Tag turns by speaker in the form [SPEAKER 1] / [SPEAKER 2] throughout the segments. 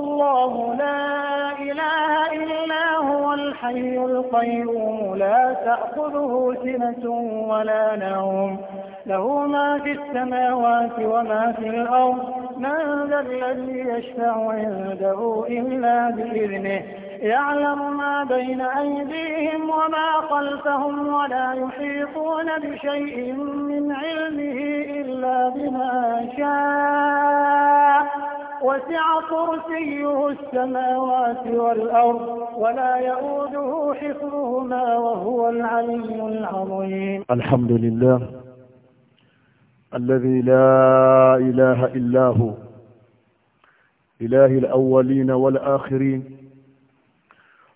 [SPEAKER 1] الله لا إله إلا هو الحي القيوم لا تأخذه سنة ولا نوم له ما
[SPEAKER 2] في السماوات وما في الأرض من ذا الذي يشفع
[SPEAKER 1] عنده إلا بإذنه يعلم ما بين أيديهم وما خلفهم ولا يحيطون بشيء من علمه إلا بما شاء وسع كرسيه السماوات والأرض ولا يؤوده حفظهما وهو العلي العظيم الحمد لله الذي لا إله إلا هو إله الأولين والآخرين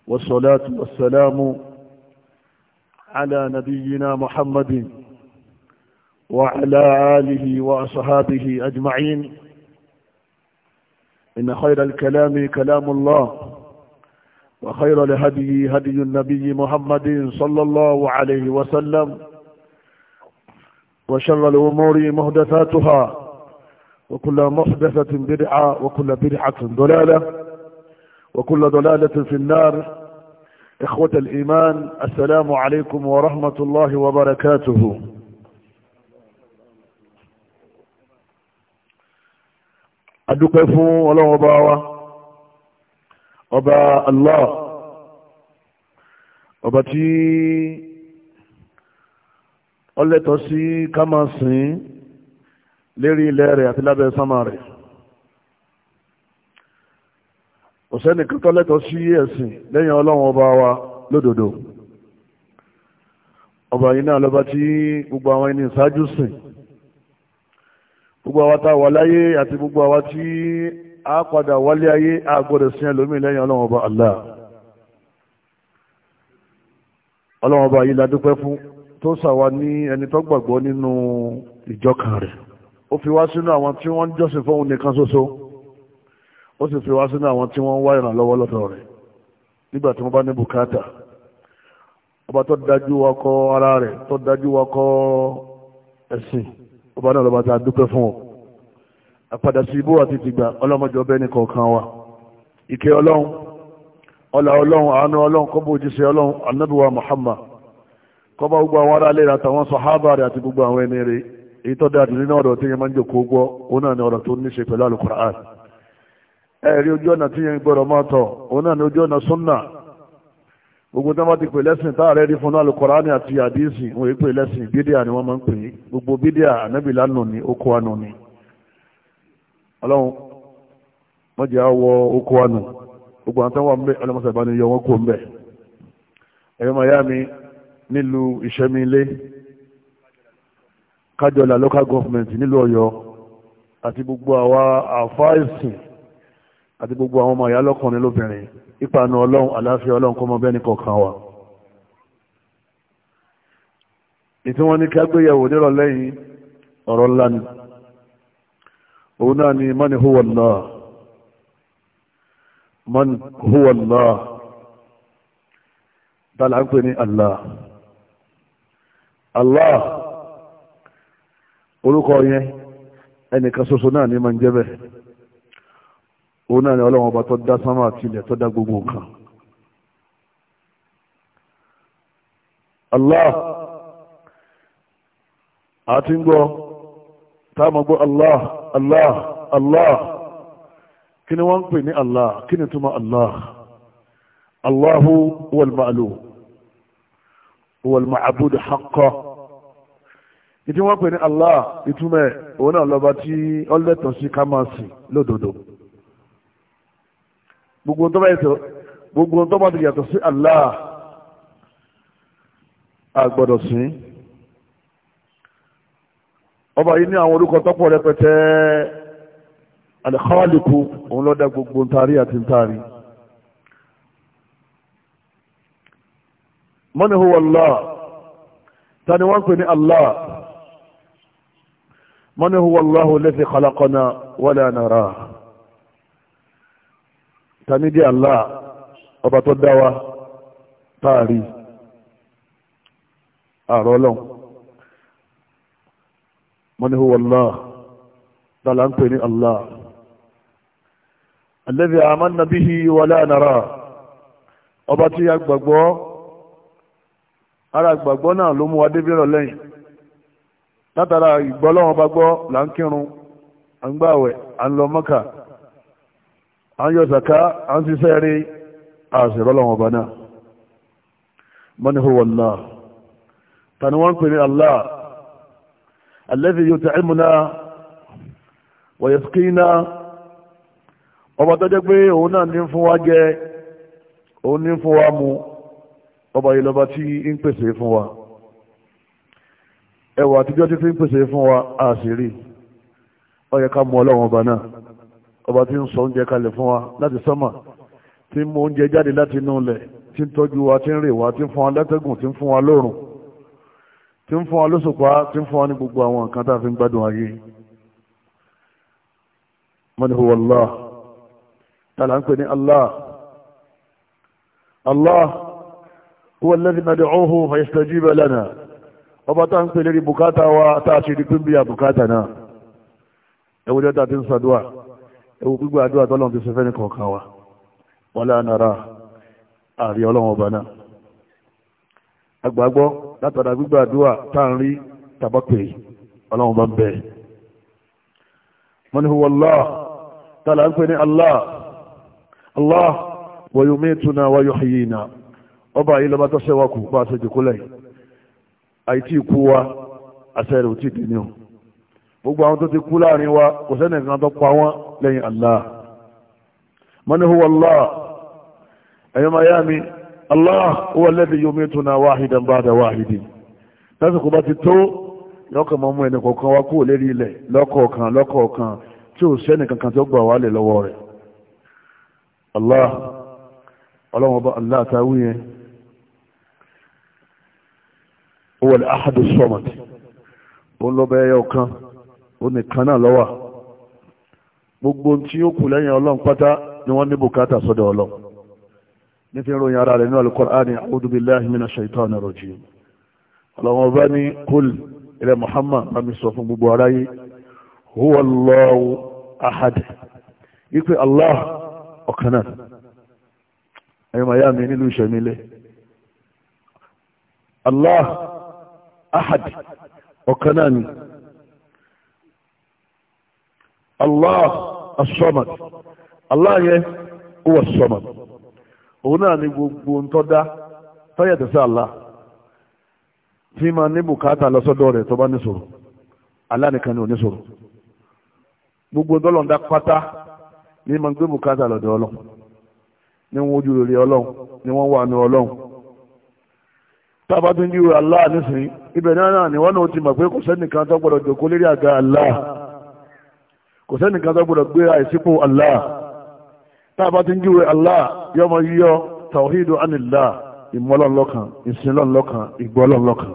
[SPEAKER 1] والصلاة والسلام على نبينا محمد وعلى آله وأصحابه أجمعين إن خير الكلام كلام الله وخير لهدي هدي النبي محمد صلى الله عليه وسلم وشر الأمور مهدثاتها وكل محدثة بدعة وكل بدعة ضلالة وكل ضلالة في النار إخوة الإيمان السلام عليكم ورحمة الله وبركاته adúpẹ́ fún ọlọ́run ọba wa ọba Allah ọba tí ọlẹ́tọ̀ sí ká máa sìn lérí ilẹ̀ rẹ̀ àti lábẹ́ sánmà rẹ̀ òsẹ́ni kíkọ́ lẹ́tọ̀ sí ẹ̀sìn lẹ́yìn ọlọ́run ọba wa lódodo ọba yìí náà lọ́ba tí gbogbo àwọn ẹni ìṣáájú sìn gbogbo àwa tá a wà láyé àti gbogbo àwa tí a padà wálé ayé a gbọ́dọ̀ sí ẹlòmíì lẹ́yìn ọlọ́run ọba Allah ọlọ́run ọba yìí la dúpẹ́ fún tó sàwa ní ẹni tó gbàgbọ́ nínú ìjọkan rẹ̀ ó fi wá sínú àwọn tí wọ́n ń jọ́sìn fóun nìkan ṣoṣo ó sì fi wá sínú àwọn tí wọ́n wá ìrànlọ́wọ́ lọ́dọ̀ rẹ̀ nígbà tí wọ́n bá ní bùkátà ọba tó dájú wakọ ara rẹ̀ tó dájú wakọ ẹ̀sìn ọba náà lọ́ba tá a dúpẹ́ fún ọ àpàdà sí ibú àti tìgbà ọlọ́mọdé ọbẹ̀ nìkan kan wa ìkẹ́ ọlọ́run ọlà ọlọ́run àánú ọlọ́run kọ́bù òjíṣẹ́ ọlọ́run anábìwá Muhammad kọ́bà gbogbo àwọn ará ilé àtàwọn sàhábà rẹ̀ àti gbogbo àwọn ẹni rẹ̀ èyí tó dáa nínú ọ̀rọ̀ tí yẹn máa ń jòkó gbọ́ òun náà ni ọ̀rọ̀ tó ní ṣe pẹ̀lú Al-Qur'an ẹ̀rí ojú ọ̀nà tí yẹn gbọ́dọ̀ máa tọ̀ òun náà ni ojú ọ̀nà sunnah gbogbo tí wọ́n ti pè lẹ́sìn tá ààrẹ rí fún náà al àti àdíìsì wọ́n yí pè lẹ́sìn bídíà ni wọ́n máa ń pè é gbogbo bídíà ànábìlá nù ní oko ànù ni ọlọ́run wọ́n jẹ́ àwọ oko ànù gbogbo àwọn tó wà ń bẹ ọlọ́mọsẹ̀ bá ní yọ wọ́n kó ń bẹ ẹ̀yọ́ máa yá mi nílùú ìṣẹ́mi ilé kájọlà local government nílùú Ọ̀yọ́ àti gbogbo àwa àfáà ìsìn àti gbogbo àwọn ọmọ ìyá lọ́kùnrin lóbìnrin ìpanu ọlọ́run àláfíà ọlọ́run kọ́mọ bẹ́ni kọ̀ọ̀kan wa ìtí wọ́n ní kí agbéyẹ̀wò nírọ̀lẹ́ yìí ọ̀rọ̀ ńlá ni òun náà ni mọ́ni huwa Allah mọ́ni huwa Allah tààlà ń pè ní Allah Allah orúkọ yẹn ẹnìkan ṣoṣo náà ni máa ń jẹ́ bẹ́ẹ̀ òun náà ni ọlọ́run ọba tó dá sánmà àtilẹ̀ tó dá gbogbo nǹkan Allah àti ń gbọ́ táàmà gbọ́ Allah Allah Allah kí ni wọ́n ń pè ní Allah kí ni túmọ̀ Allah Allahu wal ma'lum wal ma'bud wọ́n pè ní Allah ìtumẹ̀ òun náà lọ́ba tí ó sí ká máa sìn gbogbo tó bá yàtọ̀ gbogbo tó bá ti yàtọ̀ sí Allah àgbọ̀dọ̀ sí ọba yìí ní àwọn orúkọ tọ́pọ̀ rẹpẹtẹ alikawaliku òun ló dá gbogbo ntaari àti ntaari mọ́ni huwa Allah tani wọ́n pè ní Allah mọ́ni huwa Allah alladhi khalaqana wala nara. tanidi Allah ọba tó dawa taari a ààrọ ọlọ́run mọ́ni Allah ń pè ní amanna bihi wa la ọba tí a gbàgbọ́ ara gbàgbọ́ náà ló mú wa débìrọ̀ lẹ́yìn látara ìgbọ́lọ́wọ́n bá gbọ́ là ń kírun à à ń yọ zaka à ń ṣiṣẹ́ rí àṣìrọ́ lọ́wọ́ ọba náà mọ́ni hó wọ́n náà tani wọ́n pè ní Allah alladhi yut'imuna wa yasqina ọba tó jẹ́ pé òun náà ní fún wa jẹ òun ní fún wa mu ọba yìí lọ́ba tí ń pèsè fún wa ẹwà àtijọ́ tí fi ń pèsè fún wa àṣírí ó ká mọ ọlọ́run ọba náà ọba tí ń sọ oúnjẹ kalẹ̀ fún wa láti sánmà tí ń mú oúnjẹ jáde láti inú ilẹ̀ tí ń tọ́jú wa tí ń rè wa tí ń fún wa látẹ́gùn tí ń fún wa lóòrùn tí ń fún wa lóṣùpá tí ń fún wa ní gbogbo àwọn nǹkan tá a fi ń gbádùn ayé man huwa Allah tààlà ń pè ní Allah Allah huwa alladhi nad'uhu fayastajiba lana ọba tá à ń pè lérí bùkátà wa tá a ṣe rí pín àbùkátà náà ẹwùjọ́ tá a ti ń ṣàdúrà ewu gbígbà àdúrà tọ́lọ́n ti sẹfẹ́ ní kọ̀ọ̀kan wa wọ́n lánàrà àrí ọlọ́run ọba náà agbàgbọ́ látara gbígbà àdúrà táàrí tàbápè ọlọ́run bá ń bẹ̀ mọ́ni huwa Allah tààlà ń pè ní Allah Allah wa yumituna wa yuhyina ọba yìí lọ́ba tó kù bá a àìtí ikú wa àṣẹ rẹ̀ ò tí ì ní o gbogbo àwọn tó ti kú láàrin wa kò sẹ́ni kan tó pa wọ́n lẹ́yìn Allah man huwa Allah ẹ̀yọ́ Allah huwa alladhi yumituna wahidan ba'da wahidin bá ti tó lọ́kọ̀ mọ́ mú ẹnì tó gbà wálẹ̀ lọ́wọ́ rẹ̀ Allah kan ó nìkan náà lọ́wà gbogbo tí ó kù lẹ́yìn ọlọ́run pátá ni wọ́n ní bùkátà sọ́dọ̀ ọlọ́run nífi ròyìn ara rẹ̀ nínú al-Qur'ani a'udhu billahi minash shaitanir rajim ọlọ́run ọba ní kul ilẹ̀ Muhammad bami sọ fún gbogbo aráyé huwa Allahu ahad ipe Allah ọ̀kan náà ẹ̀yìn màyá mi nílùú ìṣẹ̀mílẹ̀ Allah ahad ọ̀kan náà ni allah asọ́mad allah yẹn ó wà sọ́mad òun náà ni gbogbo ntọ́dá tọ́yẹ̀tẹ̀ sí allah tí ma ní bùkátà lọ́sọ́dọ̀ rẹ̀ tó tọba ní sọ̀rọ̀ allah nìkan ni gbogbo dọ́lọ̀ ń dá pátá ní ma ń gbé kò sẹ́nìkan tó gbọ́dọ̀ gbé àìsípò Allah tá a bá ti ń júwe Allah yọmọ yíyọ tawhidu anilá ìmọ́lọ́nlọ́kan ìsinlọ́nlọ́kan ìgbọ́lọ́nlọ́kan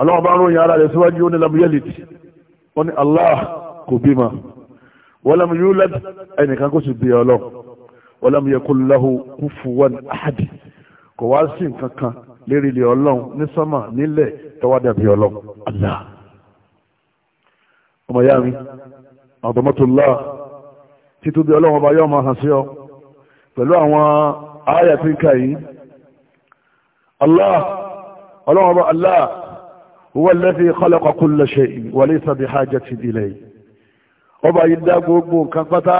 [SPEAKER 1] Allah bá ń ròyìn ara rẹ̀ síwájú ó ní lam yalid ó ní Allah kò bímọ wa lam yulad ẹnìkan kò sì bí ọlọ́ wa lam yakul lahu kufuwan ahad kò wá sí nǹkan kan lérí ilé ọlọ́run ní sánmà nílẹ̀ tọ́wádàbí ọlọ́run Allah ọmọ ìyá mi àdọ́mọ́tòlá títóbi ọlọ́run ọba yóò máa hàn sí ọ pẹ̀lú àwọn ààyè tí ń kà yìí Allah ọlọ́run ọba Allah huwa alladhi khalaqa kulla shay'in wa laysa bihajatin ilayhi ọba yìí dá gbogbo nǹkan pátá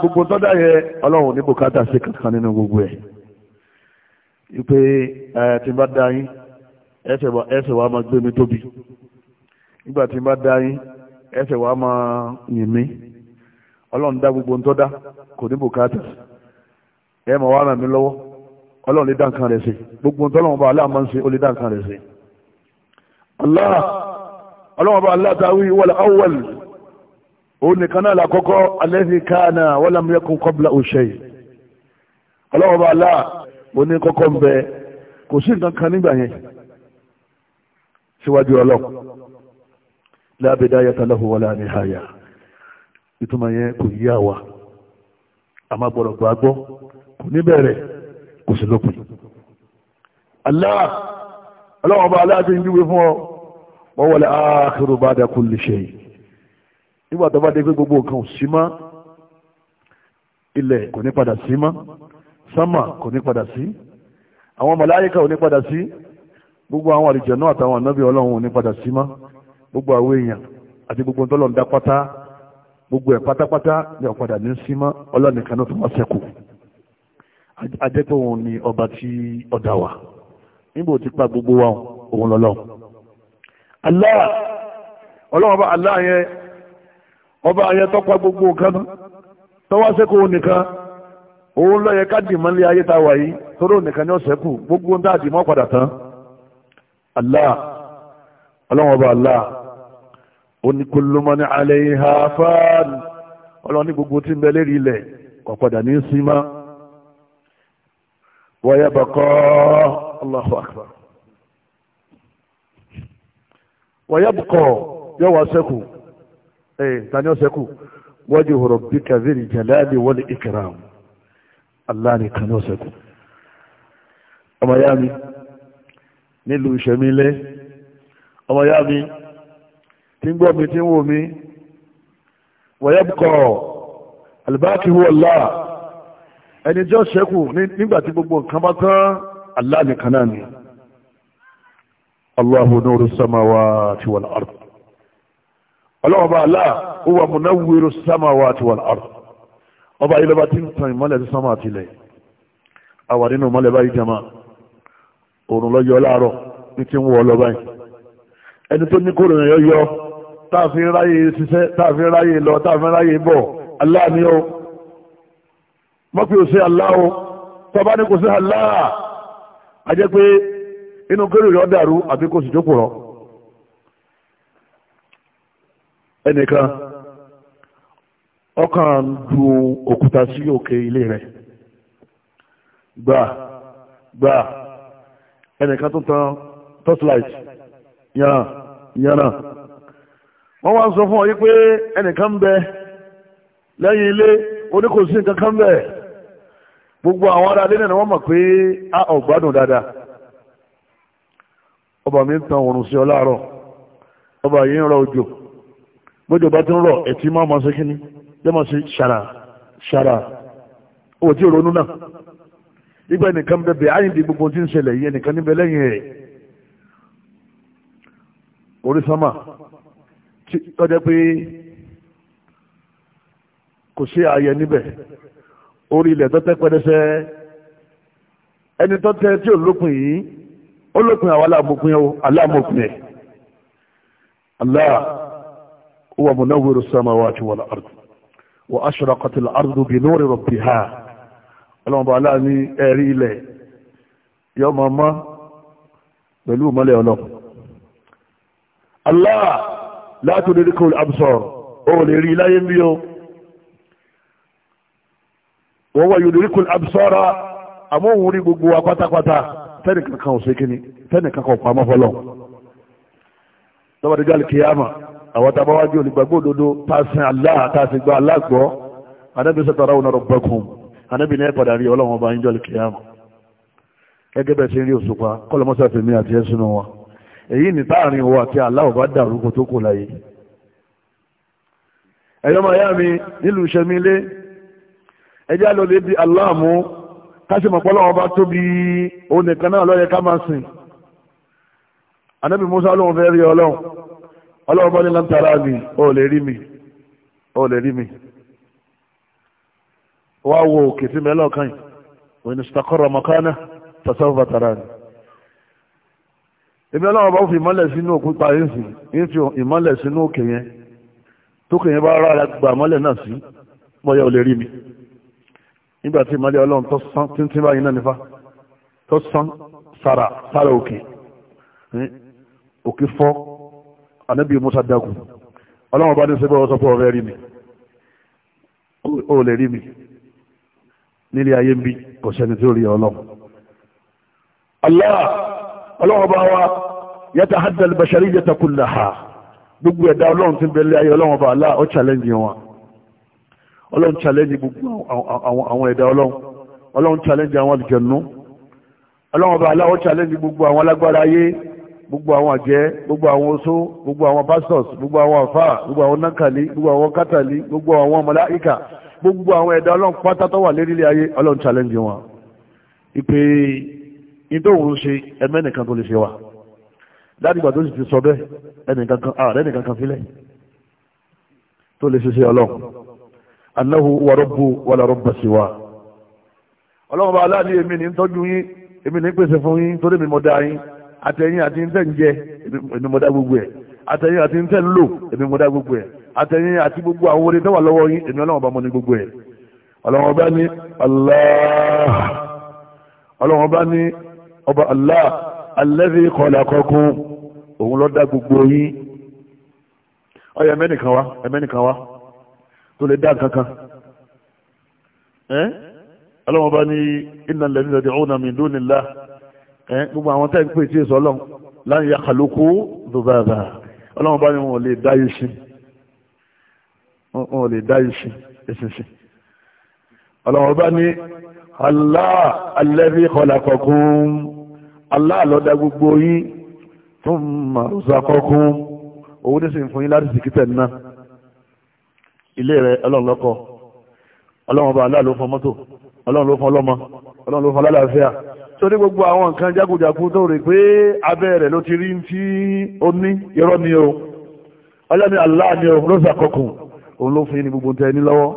[SPEAKER 1] gbogbo tó dá yẹ ọlọ́run ní bùkátà sí kankan nínú gbogbo ẹ̀ ipe ẹ̀ tí bá dá yín ẹsẹ̀ wa máa gbé mi tóbi nígbà tí bá dá yín ẹsẹ̀ wa máa yìn mí ọlọ́run dá gbogbo ń tọ́dá kò ní bùkátà ẹ mọ̀ wá ràn mí lọ́wọ́ ọlọ́run lè dá nǹkan rẹ̀ sí gbogbo ń tọ́lọ́run bá aláà máa ń ṣe ó lè dá nǹkan rẹ̀ sí. Allah ọlọ́run bá aláà táwí wal awwal òun nìkan náà làkọ́kọ́ alladhi kana wa lam yakun qablahu shay ọlọ́run bá aláà òun ní kọ́kọ́ ń bẹ kò sí nǹkan kan nígbà yẹn síwájú ọlọ́run la bidayata lahu wala nihaya ìtumọ̀ yẹn kò yí àwa àmà gbọ́dọ̀ gbà gbọ́ kò ní bẹ̀rẹ̀ kò sí lópin Allah ọlọ́wọ́n bá aláàbí ń júwe fún ọ wọ́n wọlé akhiru ba'da kulli shay nígbà tó bá dé pé gbogbo nǹkan ò sí mọ́ ilẹ̀ kò ní padà sí àwọn màláíkà ò àtàwọn ànábì ọlọ́run ní padà sí mọ́ gbogbo àwọn èèyàn àti gbogbo tọ́lọ̀ ń dá pátá gbogbo ẹ̀ pátápátá ní ọ̀padà ní símọ́ ọlọ́nìkan náà tó wá sẹ́kù ajẹ́pẹ́ òun ni ọba tí ọ̀dà wà níbo ti pa gbogbo wa òun lọ́lọ́ Allah ọlọ́wọ́ba Allah yẹn ọba yẹn tọ́pa gbogbo nǹkan tọ́wá sẹ́kù òun nìkan òun lọ́yẹ ká dìmọ́ lé ayé ta wà yìí tóró nìkan ní ọ̀sẹ̀ kù gbogbo ń dá àdìmọ́ padà tán Allah ọlọ́wọ́ba Allah oní kulumani alayha fan ọlọ́run ní gbogbo tí ń bẹ lérí ilẹ̀ ọ̀padà ní símá wọ́yẹ́ bọ̀kọ́ Allahu akbar wọ́yẹ́ bọ̀kọ́ yóò wá sẹ́kù ẹ̀ tani ó sẹ́kù wajhu rabbika dhil jalali wal ikram Allah nìkan ní ó sẹ́kù ọmọ yá mi nílùú ìṣẹ́mi lé ọmọ yá mi tí ń gbọ́ mi tí ń wò mí wọ̀yẹ́bùkọ̀ àlùbáàkì huwa Allah ẹni jọ́ ṣẹ́kù nígbà tí gbogbo nǹkan bá tán Allah nìkan náà ni Allahu nuru samawati wal ard ọlọ́wọ́n bá Allah huwa munawwiru samawati wal ard ọba ilẹ̀ bá ti ń tan ìmọ́lẹ̀ sí sánmà àtìlẹ̀ àwà nínú ìmọ́lẹ̀ báyìí jama òrùn lọ́yọ́ láàárọ̀ ní ti ń wọ̀ ọ lọ ẹni tó ní kórìíra yọ táàfin ráyè ṣiṣẹ́ táàfin ráyè lọ táàfin ráyè bọ̀ Allah ni ó mọ́pí ò sí Allah ó tọba ní kò sí Allah a jẹ́ pé inú kéré rẹ̀ dàrú àbí kò sì jókòó rọ ẹnìkan ọkàn ju òkúta sí òkè ilé rẹ̀ gbà gbà ẹnìkan tó tan torchlight yànnà yànnà wọ́n wá ń sọ fún ọ yí pé ẹnìkan bẹ lẹ́yìn ilé oníkòsí nǹkan kan gbogbo àwọn ará lẹ́nà wọ́n mọ̀ pé a ọ̀gbádùn dáadáa ọba mi ń tan ọ láàárọ̀ ọba yìí ń rọ òjò gbọ́dọ̀ bá ti ń rọ̀ ẹ̀tí máa ma ṣe kíní yẹ́ máa ṣe ṣàrà ṣàrà
[SPEAKER 2] owó tí ronú náà
[SPEAKER 1] nígbà ẹnìkan bẹ bẹ àyìndì gbogbo tí ń ṣẹlẹ̀ yìí ẹnìkan níbẹ̀ lẹ́yìn tó jẹ́ pé kò sí ààyè níbẹ̀ orí ilẹ̀ tó tẹ́ pẹ́rẹsẹ́ ẹni tó tẹ́ tí ò lópin yìí ó lópin àwọn aláàmópin ó aláàmópin ẹ̀ Allah huwa munawwiru samawati wal ard wa ashraqatil ardu bi nuri rabbiha ọlọ́mọba aláàní ẹ̀rí ilẹ̀ yọ mọ́ mọ́ pẹ̀lú ìmọ́lẹ̀ ọlọ́run Allah látò lè kò absor o lè rí láyé bí o wọ́n wá yóò lè kò absora àmọ́ òun rí gbogbo wa pátápátá tẹ́nì kankan ò sékíní tẹ́nì kankan ò pamọ́ fọlọ́ lọ́wọ́dé jáde kìyàmà àwọn tá a bá wájú olùgbàgbọ́ òdodo tá a sin Allah tá a sì gba Allah gbọ́ anábì sọ tọrọ ọ̀nà rabbakum anábì ní ẹ̀pàdà rí ọlọ́wọ́n bá ń jọ kìyàmà gẹ́gẹ́ bẹ́ẹ̀ sí rí òṣùpá kọ́lọ́mọ́sá fèmí àti ẹ̀sùn wọn èyí ní táàrin òwò àti aláwọ̀ bá dàrúkọ tó kò láyé ẹ̀yọ́ máa yá mi nílùú ìṣẹ́mílé ẹjá ló lè di aláàmú káṣímọ̀ pọ́lọ́wọ́ bá tóbi òun nìkan náà lọ́yẹ ká máa sìn anábì Musa lóun fẹ́ rí ọlọ́run ọlọ́run bá ní lántara mi ó lè rí mi ó lè rí mi wá wo òkè sí mẹ́lọ́kàn yìí òun ní stakọ́rọ̀ mọ̀kánà tasawfa tarani èmi ọlọ́run bá fi ìmọ́lẹ̀ sínú òkun parí sí ní fi ìmọ́lẹ̀ sínú òkè yẹn tókè yẹn bá rárá gbà mọ́lẹ̀ náà sí bóyá ò lè rí mi nígbà tí ìmọ́lẹ̀ ọlọ́run tó sán tíntín báyìí náà nífà tó sán sára sára òkè òkè fọ́ anábì musa dákun ọlọ́run bá ní sẹ́gbẹ́ ọ̀sọ́ pé ọ̀rẹ́ rí mi ò lè rí mi nílé ayé ń bí kò sẹ́ni tí rí ọlọ́run Allah ọlọ́wọ́n bá wa yẹta hadal bashari yẹta kula ha gbogbo ẹ̀dá ọlọ́run ti bẹ̀rẹ̀ ayé ọlọ́wọ́n bá aláà ó challenge wọn ọlọ́run challenge gbogbo àwọn ẹ̀dá ọlọ́run ọlọ́run challenge àwọn àlùjànnú ọlọ́wọ́n bá aláà ó challenge gbogbo àwọn alágbára ayé gbogbo àwọn àjẹ́ gbogbo àwọn oṣó gbogbo àwọn pastors gbogbo àwọn àfà gbogbo àwọn nákàlí gbogbo àwọn kátàlí gbogbo àwọn màláíkà gbogbo àwọn ẹ̀dá ọlọ́run pátá tó wà lérílẹ̀ ayé ọlọ́run challenge wọn ìpè ìdó òun ṣe ẹmẹ́ nìkan tó lè ṣe wà ládìgbà tó sì ti sọ bẹ́ẹ̀ ẹnìkankan ààrẹ nìkankan tó lè ṣiṣẹ́ ọlọ́run annahu wa rabbu wala rabba siwa ọlọ́run bá aláàní èmi ní tọ́jú yín èmi ní pèsè fún yín torí mi mọ̀ dá yín àtẹ̀yìn àti ń tẹ̀ ń jẹ èmi mọ̀ dá gbogbo ẹ̀ àtẹ̀yìn àti ń tẹ̀ ń lò èmi mọ̀ gbogbo ẹ̀ àtẹ̀yìn àti gbogbo àwọn orin tó lọ́wọ́ yín èmi ọlọ́run bá mọ̀ ní gbogbo ẹ̀ ọlọ́run bá ní Allah ọlọ́run bá ní ọba Allah alladhi khalaqakum òun ló dá gbogbo yín ọyọ ẹmẹ́nìkan wá ẹmẹ́nìkan wá tó lè dá kankan ẹ́ ọlọ́wọ́n bá ní innal ladhina tad'una min dunillah ẹ́ gbogbo àwọn táyì pé tí èso ọlọ́run lan yakhluqu dhubaba ọlọ́wọ́n bá ní wọn lè dá yìí sí wọn lè dá yìí sí ẹ̀sìnsìn ọlọ́wọ́n bá ní Allah alladhi khalaqakum Allah ló dá gbogbo yín fún màrúsàkọ́kún owó ní sì ń fún yín láti sìkítẹ̀ ná ilé rẹ̀ ọlọ́run lọ́kọ̀ ọlọ́run Allah ló fún mọ́tò ọlọ́run ló fún ọlọ́mọ ọlọ́run ló fún alálàáfíà torí gbogbo àwọn nǹkan jákujàku tó rè pé abẹ́ rẹ̀ ló ti rí tí ó ní irọ́ ni Allah ni o ló sàkọ́kùn òun ló fún yín ní gbogbo tẹ ní lọ́wọ́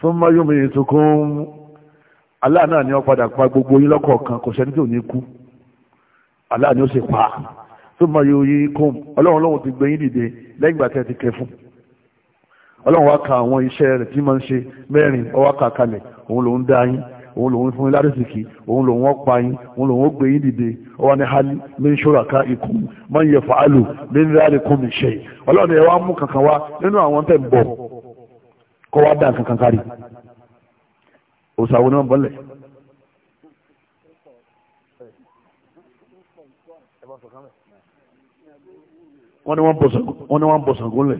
[SPEAKER 1] fún mayumi ìtukùn Allah náà ni ó padà pa gbogbo yín lọ́kọ̀ọ̀kan kò sẹ́ni tí ò ní kú aláàni ó sì pa tó mọ yóò yí kó ọlọ́run lọ́wọ́ ti gbẹ̀yìn dìde lẹ́yìn ìgbà tí ẹ ti kẹ fún ọlọ́run wá ka àwọn iṣẹ́ rẹ̀ tí máa ń ṣe mẹ́rin ọwá ka kalẹ̀ òun lòun dá yín òun lòun fún yín lárìsìkì òun lòun ọ̀pá yín òun lòun ó gbẹ̀yìn dìde ọwá ní hali min shurakaikum man yaf'alu min dhalikum min shay ọlọ́run ẹ wá mú kankan wá nínú àwọn wọ́n ní wọ́n bọ̀ Ṣàngó lẹ̀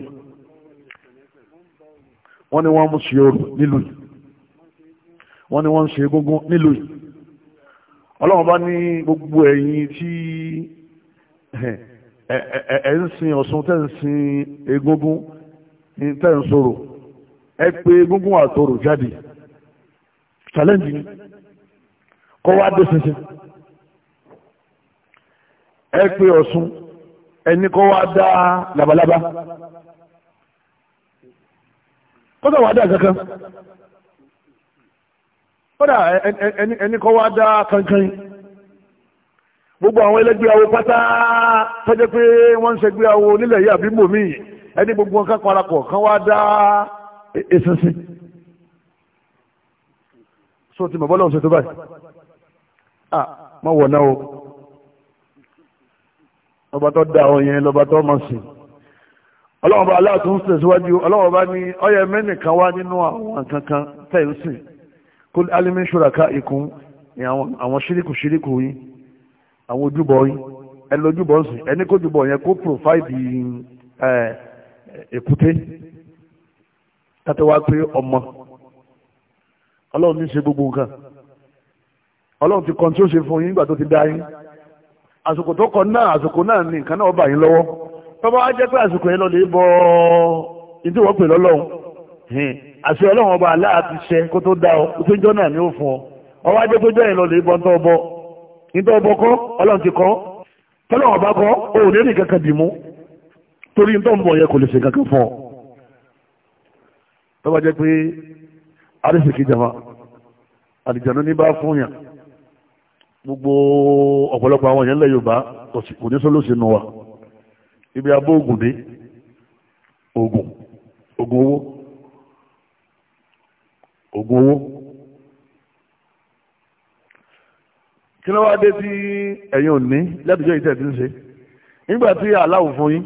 [SPEAKER 1] wọ́n ní wọ́n ṣe orò nílùú yìí wọ́n ní wọ́n ṣe egungun nílùú yìí ọlọ́run bá ní gbogbo ẹ̀yin tí ẹ̀ ń sin Ọ̀ṣun tẹ́ ń sin egungun tẹ́ ń sọ̀rọ̀ ẹ pé egungun àtọ̀rọ̀ jáde challenge ni kọ́ wá dé ṣinṣin ẹ pé Ọ̀ṣun ẹni kọ́ wá dá labalábá kọ́dà wá dá kankan kọ́dà ẹni kọ́ wá dá kankan gbogbo àwọn ẹlẹ́gbẹ́ awo pátá tọ́jẹ́ pé wọ́n ń ṣẹgbẹ́ awo nílẹ̀ yìí àbí mòmí ẹni gbogbo wọn kápọ̀ kan wá dá esinsin so ti mọ̀ bọ́lá òṣèlú báyìí ah mọ̀ wọ̀ náà o ọba tó dá ọ yẹn lọ́ba tó mọ̀ sí ọlọ́wọ́n bá aláàtú ń tẹ̀síwájú ọlọ́wọ́n bá ní ọyẹ mẹ́nìkan wá nínú àwọn kankan tẹ̀sí kó alimi ṣuraka ikun ni àwọn ṣíríkù ṣíríkù yín àwọn ojúbọ yín ẹ lójúbọ sí ẹni kó jùbọ yẹn kó pòfáìdì èkúté tàtẹ́wá pé ọmọ ọlọ́run ní ṣe gbogbo nǹkan ọlọ́run ti kọ́ńtí ó ṣe fún yín nígbà tó ti dá yín àsìkò tó kọ náà àsìkò náà ní nǹkan náà bà yín lọ́wọ́ tọ́ba á jẹ́ pé àsìkò yẹn lọ́lẹ̀ bọ́ ìdí wọ́n pè lọ́lọ́run àṣẹ ọlọ́run ọba aláà ti ṣe kó tó dá ọ tó jọ́ náà ní ó fún ọ ọwọ́ ajé tó jọ́ yẹn lọ́lẹ̀ bọ́ ntọ́ ọbọ ntọ́ ọbọ kọ́ ọlọ́run ti kọ́ tọ́lọ́run ọba kọ́ òun ní nǹkan kan dì mú torí ntọ́ mọ̀ yẹ kò lè ṣe kankan fún ọ tọ́ba jẹ́ pé arísìkí jama àlìjànú ní bá fún yàn gbogbo ọ̀pọ̀lọpọ̀ àwọn èèyàn ilẹ̀ Yorùbá kò ní sólóṣì nù wa ibi abó oògùn dé oògùn oògùn owó oògùn owó kí ló wá dé tí ẹ̀yin ò ní lẹ́tọ̀jọ́ yìí tẹ̀sí ń ṣe nígbà tí aláwò fún yín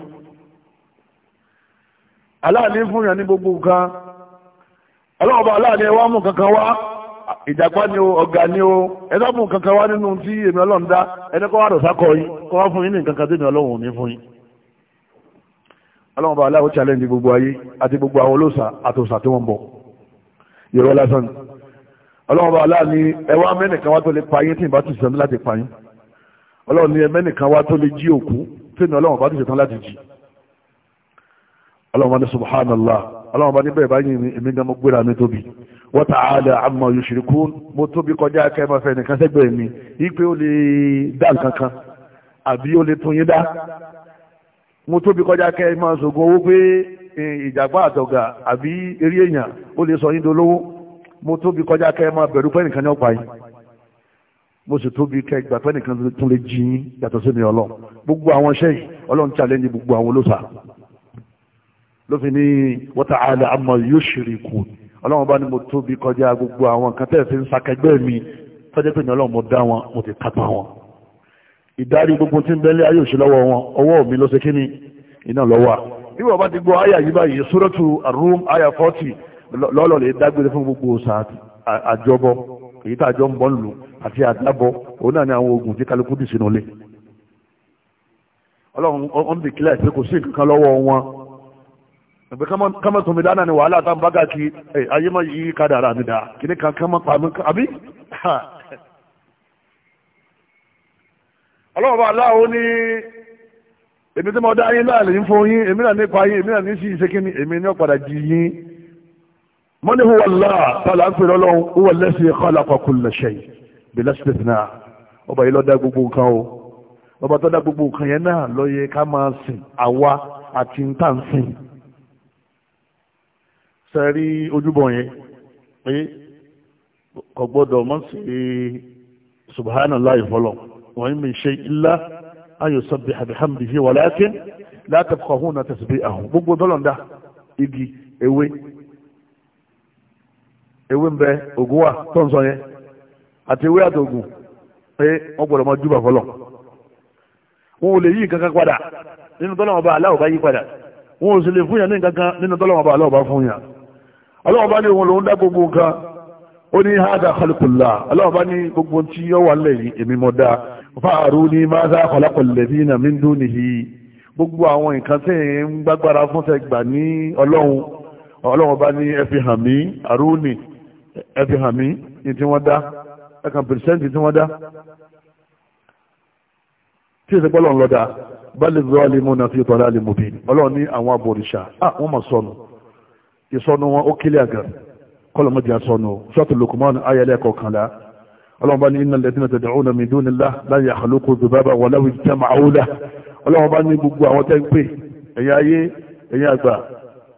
[SPEAKER 1] aláàní fún yàn ní gbogbo nǹkan
[SPEAKER 2] ọlọ́ọ̀bà aláàní ẹ
[SPEAKER 1] mú kankan wá ìjàpá ni o ọ̀gá ni o ẹ̀dá mú kankan wá nínú tí èmi ọlọ́run dá ẹni kọ́ wá dọ̀sá kọ yín kọ́ wá fún yín ní nǹkan kan ọlọ́run ò ní fún yín. ọlọ́run bá aláwọ̀ challenge gbogbo ayé àti gbogbo àwọn olóòṣà àtòṣà tí wọ́n bọ̀ yorùbá lásán ni ọlọ́run bá aláà ní ẹwà mẹ́nìkan wá tó lè pa yín tí ìbá ti sàn láti pa yín ọlọ́run ní ẹmẹ́nìkan wá tó lè jí òkú tèmi ọlọ́run bá ti sàn láti jí ọlọ́run bá subhanallah ọlọ́run bá ní bẹ́ẹ̀ báyìí wa ta'ala amma yushrikun mo tóbi kọjá kẹfà fẹ́ nìkan sẹ́gbẹ̀ẹ́ mi ipe ó lè dá nǹkan kan àbí ó lè tún yín dá mo tóbi kọjá kẹfà sògùn owó pé ìjàgbá àtọ̀gà àbí eré èèyàn ó lè sọ yín dolówó mo tóbi kọjá kẹfà bẹ̀rù pé nìkan ní ọ̀pá yín mo sì tóbi kẹgbà pé nìkan tún lè jí yàtọ̀ sí mi ọlọ́run gbogbo àwọn iṣẹ́ yìí ọlọ́run challenge gbogbo àwọn olóṣà lófin ní wa ta'ala amma yushrikun ọlọ́run bá ní mo tóbi kọjá gbogbo àwọn nǹkan tẹ́ẹ̀ fi ń sakẹgbẹ́ mi tọ́jẹ́ pé ní ọlọ́run mo dá wọn mo ti kápá wọn ìdarí gbogbo tí ń bẹ́lẹ̀ ayé òṣèlú lọ́wọ́ wọn ọwọ́ mi ló ṣe kíni iná lọ́wọ́ bí wọ́n bá ti gbọ́ àyà yìí báyìí suratu ar-Rum àyà fọ́tì lọ́lọ́ lè dágbére fún gbogbo òòsà àjọbọ èyí tá àjọ ń bọ́ lù àti àdábọ òun náà ni àwọn oògùn tí kálukú dì sínú ilé ọlọ́run ó ń dìkílẹ̀ pé kò sí nǹkan lọ́wọ́ wọn ìgbé kọ́mọ̀ tó mi dáná ni wala tá n bá káàkiri ẹ ayé má yí kádà ara mi dá kíní kan kọ́mọ̀ pa mi àbí. ọlọ́wọ́ bá aláwo ní èmi tí mo dá yín láàlẹ́ ń fún yín èmi náà nípa yín èmi náà ní sí ìṣekíní èmi ní ọ̀padà jì yín. mo ní huwa Allah tààlà ń pèrè ọlọ́run huwa allazi khalaqa kulla shay bila istithna ọba yìí ló dá gbogbo nǹkan o ọba tó dá gbogbo nǹkan yẹn náà ló yẹ ká máa sìn àwa àti ń tà ń sẹ́rí ojúbọ yẹn pé kò gbọ́dọ̀ mọ́ sí subhanallah ìfọlọ́ wọ́n mi ṣe ilá ayò sọ́bì àbíhámdì yìí wà lákín látàkọ̀ ọ̀hún náà tẹ̀sí bí àhùn gbogbo dọ́lọ̀ndà igi ewé ewé ń bẹ ògùn wà tó yẹn àti ewé àtògùn pé wọ́n gbọ́dọ̀ mọ́ júbà fọlọ́ wọn ò lè yí nǹkan kan padà nínú tọ́lọ́mọba aláwọ̀ bá yí padà wọn ò sì lè fún yàn ní nǹkan kan nínú tọ́lọ́mọba aláwọ̀ bá fún yàn ọlọ́wọ́ bá ní òun lòun dá gbogbo nǹkan ó ní hádà khalqullah ọlọ́wọ́ bá ní gbogbo tí yọ wà lẹ́yìn èmi mọ́ dá fáàrú ní máza khalaqalladhina min dunihi gbogbo àwọn nǹkan tẹ́ ń gbágbára fún tẹ́ gbà ní ọlọ́run ọlọ́run bá ní ẹ fi hàn mí àrúnì ẹ fi hàn mí ní tí wọ́n dá ẹ̀kan pẹ̀sẹ́ǹtì tí wọ́n dá tí èsì pọ́lọ́run lọ́dà bá lè zọ́ ọ́ mú náà fi tọ́lá lè mú bí ọlọ́run ní àwọn abòrìṣà ah wọ́n mọ̀ sọnù ìsọnù wọn ó kílẹ̀ àgà kọlọmọdé àsọnù ṣọ́tù lukumanu ayẹlẹ́ kọkànlá ọlọ́run bá ní iná lẹ́tí náà tẹ̀dẹ̀ ọ̀nà mìíràn nílá láyé àkàlókò zubaba wà láwùí jẹ́ màáwúlá ọlọ́run bá ní gbogbo àwọn tẹ́ ń pè ẹ̀yin ayé ẹ̀yin àgbà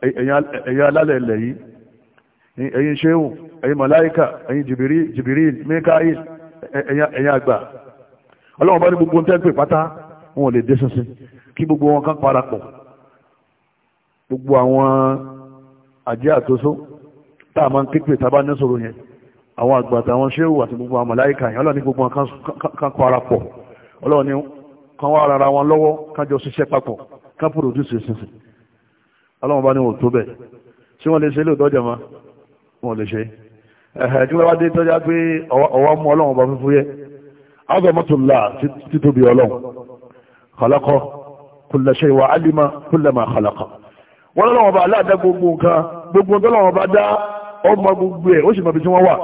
[SPEAKER 1] ẹ̀yin alálẹ̀ ilẹ̀ yìí ẹ̀yin ṣéhù ẹ̀yin màláìkà ẹ̀yin jìbìrìl mẹ́káìl ẹ̀yin àgbà ọlọ́run bá ní gbogbo tẹ́ ń pè pátá wọn ò lè dé sísìn kí gbogbo wọn kan parapọ̀ gbogbo àwọn àjẹ́ àtòsó tá a máa ń képe tábà ní sọ̀rọ̀ yẹn àwọn àgbà àtàwọn ṣéwù àti gbogbo àwọn màláíkà yẹn ọlọ́run ní gbogbo wọn kan kọ ara pọ̀ ọlọ́run kan wá ara wọn lọ́wọ́ kan ṣiṣẹ́ papọ̀ kan pòròdúsù ìsinsin ọlọ́run bá ní wọn tó bẹ́ẹ̀ tí wọ́n lè ṣe lè dọ́jà ma wọ́n lè ṣe ẹ̀hẹ̀ tí wọ́n wá dé tọ́já pé ọwọ́ mú ọlọ́run bá fífú yẹ azọmọtòlá wọ́n lọ́wọ́ bá aláàdá gbogbo nǹkan gbogbo tó lọ́wọ́ bá dá ọmọ gbogbo ẹ̀ ó sì mọ̀bí tí wọ́n wà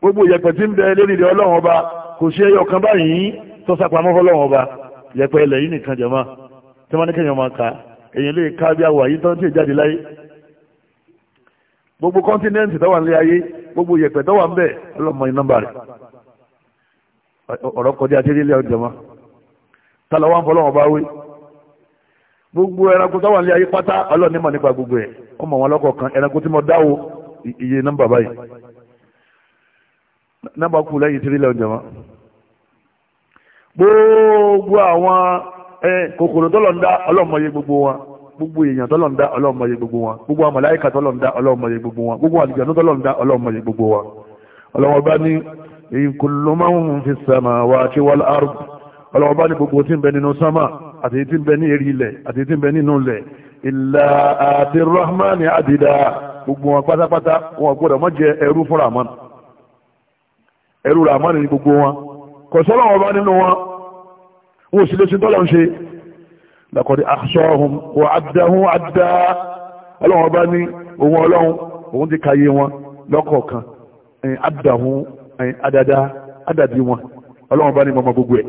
[SPEAKER 1] gbogbo ìyẹ̀pẹ̀ tí ń bẹ lórí ilẹ̀ ọlọ́wọ́ ọba kò sí ẹyọ kan báyìí tó sápamọ́ fọlọ́wọ́ ọba ìyẹ̀pẹ̀ ilẹ̀ yìí nìkan jẹ̀mọ́ tí wọ́n ní kéèyàn máa ka èyí lè ká bí àwọ̀ yìí tó ń tì jáde láyé gbogbo kọ́ńtínẹ́ǹtì tó wà ní ayé gbogbo ìyẹ̀pẹ̀ tó wà ń bẹ ọlọ́mọ iná bàrẹ̀ ọ̀rọ̀ kọjá tí ilé ọjọ́ mọ́ tálọ́wọ́ ń fọlọ́wọ́ bá wí gbogbo ẹranko tó wà ní ayé pátá ọlọ́ọ̀ni mọ̀ nípa gbogbo ẹ̀ ó mọ̀ wọn kan ẹranko tí mo iye nọ́mbà báyìí nọ́mbà kù lẹ́yìn tírí lẹ́yìn jẹ̀mọ́ gbogbo àwọn kòkòrò tọ́lọ̀ ń dá ọlọ́mọye gbogbo wọn gbogbo èèyàn tọ́lọ̀ ń dá ọlọ́mọye gbogbo wọn gbogbo àwọn màláíkà tọ́lọ̀ ń dá ọlọ́mọye gbogbo wọn gbogbo àlùjànnú tọ́lọ̀ ń dá ọlọ́mọye gbogbo wọn ọlọ́wọ́n bá ní àti èyí tí ń bẹ ní eré ilẹ̀ àti èyí tí ń bẹ nínú ilẹ̀ ìlà àti rahman adida gbogbo wọn pátápátá wọn gbọ́dọ̀ mọ́ jẹ ẹrú fún rahman ẹrú rahman ní gbogbo wọn kò sọ́lọ́ wọn bá nínú wọn wọn ò sì lè ṣe tọ́lọ̀ ń ṣe lakọ̀dí ahsahum wa addahum adda ọlọ́wọ́n bá ní òun ọlọ́run òun ti kàyé wọn lọ́kọ̀ọ̀kan addahum adada adàbí wọn ọlọ́wọ́n bá ní mọ́mọ́ gbogbo ẹ̀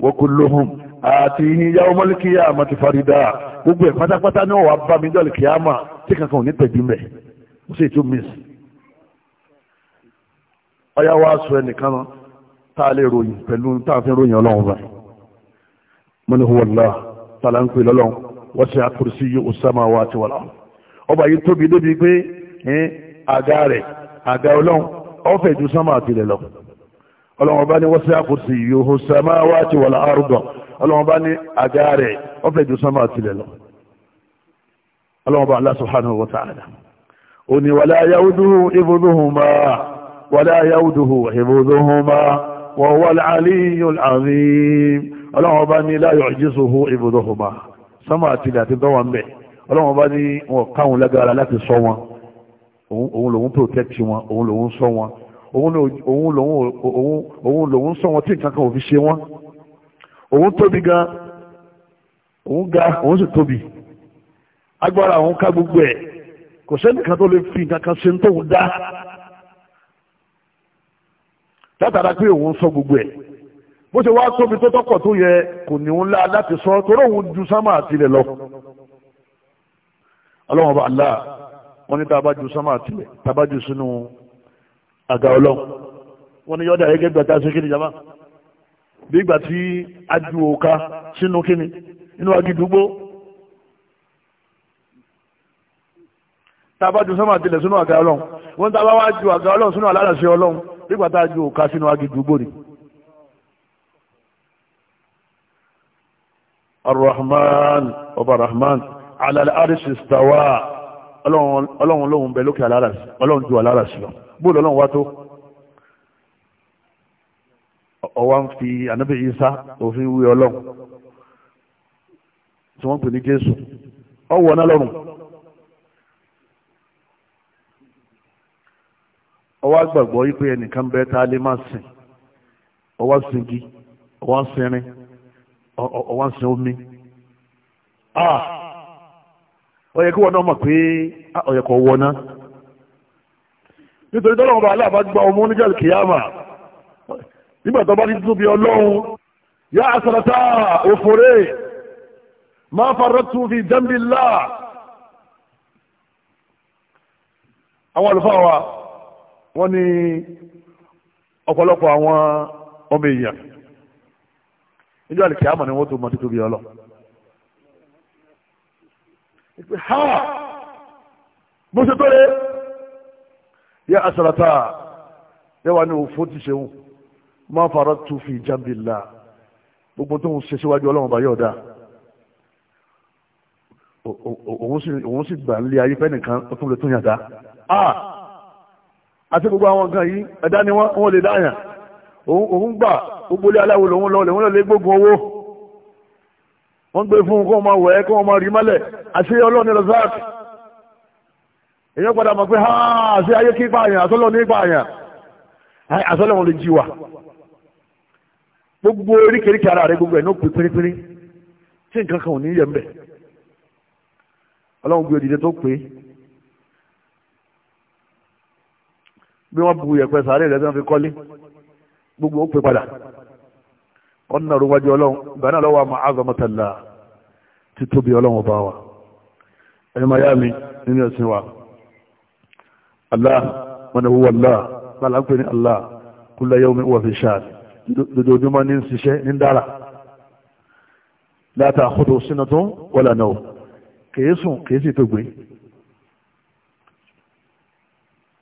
[SPEAKER 1] wa kulluhum àti yawmal qiyamati farida gbogbo ẹ̀ pátápátá ní ọ̀wà bá mi jọ́lì kíyàmà tí kankan ò ní mẹ́ ó sì tún ọyá wa sọ tá a lè ròyìn pẹ̀lú tá a fi ròyìn ọlọ́run bá mọ́ni huwallah tààlà ń pè lọ́lọ́run ọba yìí tóbi débi pé àga rẹ̀ àga ọlọ́run ọ̀fẹ́ ju àtìlẹ̀ lọ ọlọ́run ọba ni ọlọ́wọ́n bá ní àga rẹ̀ wọ́n fẹ́ ju sánmà tilẹ̀ lọ ọlọ́wọ́n bá Allah subhanahu wa ta'ala ó ní wala yauduhu ibduhuma wala yauduhu ibduhuma wa huwa al-aliyyul azim ọlọ́wọ́n bá ní la yu'jizuhu ibduhuma sánmà tilẹ̀ àti dọ́wọ́ ń bẹ̀ ọlọ́wọ́n bá ní wọn káwọn lágara láti sọ wọn òun lòun protect wọn òun lòun sọ wọn òun lòun sọ wọn tí nǹkan kan ò fi ṣe wọn òun tóbi gan òun ga òun sì tóbi agbára òun ká gbogbo ẹ̀ kò sẹ́nìkan tó lè fi nǹkan kan ṣe tóun dá látara pé òun sọ gbogbo ẹ̀ bó ṣe wá tóbi tó tọkọ̀ tó yẹ kò ní ńlá láti sọ torí òun ju sámà àtìlẹ̀ lọ ọlọ́run ọba àlá wọn ní tá a bá ju sámà àtìlẹ̀ tá a bá ju sínú àga ọlọ́run wọn ní yọ̀ọ́dà gẹ́gẹ́ bí ṣe kí ni jama bí ìgbà tí a ju òka sínú kíni nínú agidugbo tá a bá ju sọ́mà tilẹ̀ sínú àga ọlọ́run wọ́n tá a bá wá ju àga ọlọ́run sínú alálàṣẹ ọlọ́run bí ìgbà tá a ju òka sínú agidugbo ni. arrahman ọba rahman alal arisi stawa ọlọ́run lóhun bẹ lókè alárasì ọlọ́run ju alárasì lọ bóòlù ọlọ́run wá tó ọwá ń fi ànábì Ìsá òfin wí ọlọ́run tí wọ́n pè ní Jésù ọwọ́ náà lọ́rùn ọwá gbàgbọ́ wípé ẹnìkan bẹ́ẹ̀ tá a lè máa sìn ọwá singi ọwá sinrin ọwá sin omi ah! ó kí wọ́n náà mọ̀ pé ah, ó yẹ kó náà nítorí tọ́lọ́mọba aláàbá gba ọmọ oníjà nígbà tó bá ti tóbi ọlọ́run yá àsàràtà òfòrè máa farrattu fi dambillah àwọn àlùfáà wa wọ́n ní ọ̀pọ̀lọpọ̀ àwọn ọmọ èèyàn níjọ́ àlìkè àmọ̀ ni wọ́n tó mọ títóbi ọlọ́ ha bó ṣe tó lé yá àsàràtà yẹ ní òfò ti ṣeun ma farattu fi jambillah gbogbo tó ń ṣe síwájú ọlọ́run bá yọ̀ọ̀dá òun sì gbà nílé ayé fẹ́ nìkan ó tún lè tún yàtá àti gbogbo àwọn nǹkan yìí ẹ̀dá ni wọ́n lè dáyà òun gbà gbogbo ilé aláwo lòun lọ lòun lọ lè gbógun owó wọ́n gbé fún un kó wọn máa wẹ̀ ẹ́ kó wọn máa rí mọ́lẹ̀ àṣẹ ọlọ́run ní razak èèyàn padà mọ̀ pé ha àṣẹ ayé kí pààyàn àtọ́lọ́ ní pààyàn àtọ́lọ́ wọn lè jí wa gbogbo oríkèéríkèé ara rẹ gbogbo ẹ̀ ní ó pè pérépéré tí nǹkan kan ò ní yẹ ń bẹ̀ ọlọ́run gbé òdìdẹ tó pé bí wọ́n bu yẹ̀pẹ̀ sàárè rẹ̀ tí wọ́n fi kọ́lé gbogbo ó pè padà ọ̀nà òrùwájú ọlọ́run ìgbà náà lọ́wọ́ àmọ́ àzọmọ́tàlá ti tóbi ọlọ́run ọba wa ẹni máa yá mi nínú ẹ̀sìn wa Allah mọ̀nà wọ́n Allah bá láńpẹ́ ní Allah kulla yawmin huwa fi sha'n dojoojúmọ́ ní ṣiṣẹ́ ní dára la ta'khudhu sinatun wala nawm kìí sùn kìí sì tó gbé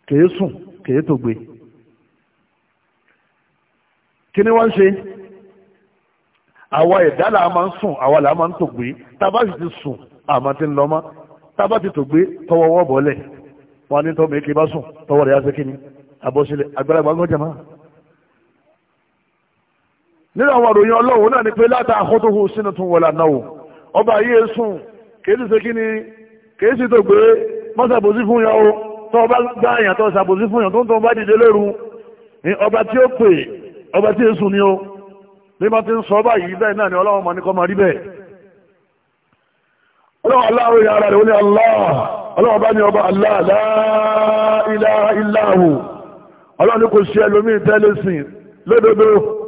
[SPEAKER 1] kìí sùn kìí tó gbé kí ni wọ́n ń ṣe àwa ẹ̀dá là máa ń sùn àwa là máa ń tó gbé tábà sì ti sùn àmọ́ ti ń lọ mọ́ tábà ti tó gbé tọwọ́ wọ́ bọ́lẹ̀ wọn ní tọ́ mi bá sùn tọwọ́ rẹ̀ á ṣe kí ni àbọ̀ṣẹlẹ̀ àgbàlagbà ń gbọ́jà máa nínú àwọn àròyìn ọlọ́run náà ni pé látà àkótóhù sínú tún wọ̀là náà ọba yìí sùn kìí ṣe kí ni kìí ṣe tó gbé mọ́ ṣàbòsí fún yàn o tó ọba gbá àyàn tó ṣàbòsí fún yàn tó ń tó ń bá dìde lóru ni ọba tí ó pè ọba tí èsùn ni o bí wọ́n ti ń sọ báyìí bẹ́ẹ̀ náà ni ọlọ́run mọ̀ ní kọ́ máa rí bẹ́ẹ̀ ọlọ́run aláwọ̀ ìyá ara rẹ̀ ó ní Allah ọlọ́run bá ní ọba Allah la ilaha illa hu ọlọ́run ní kò ṣe ẹlòmíì tẹ́lẹ̀ sìn lódodo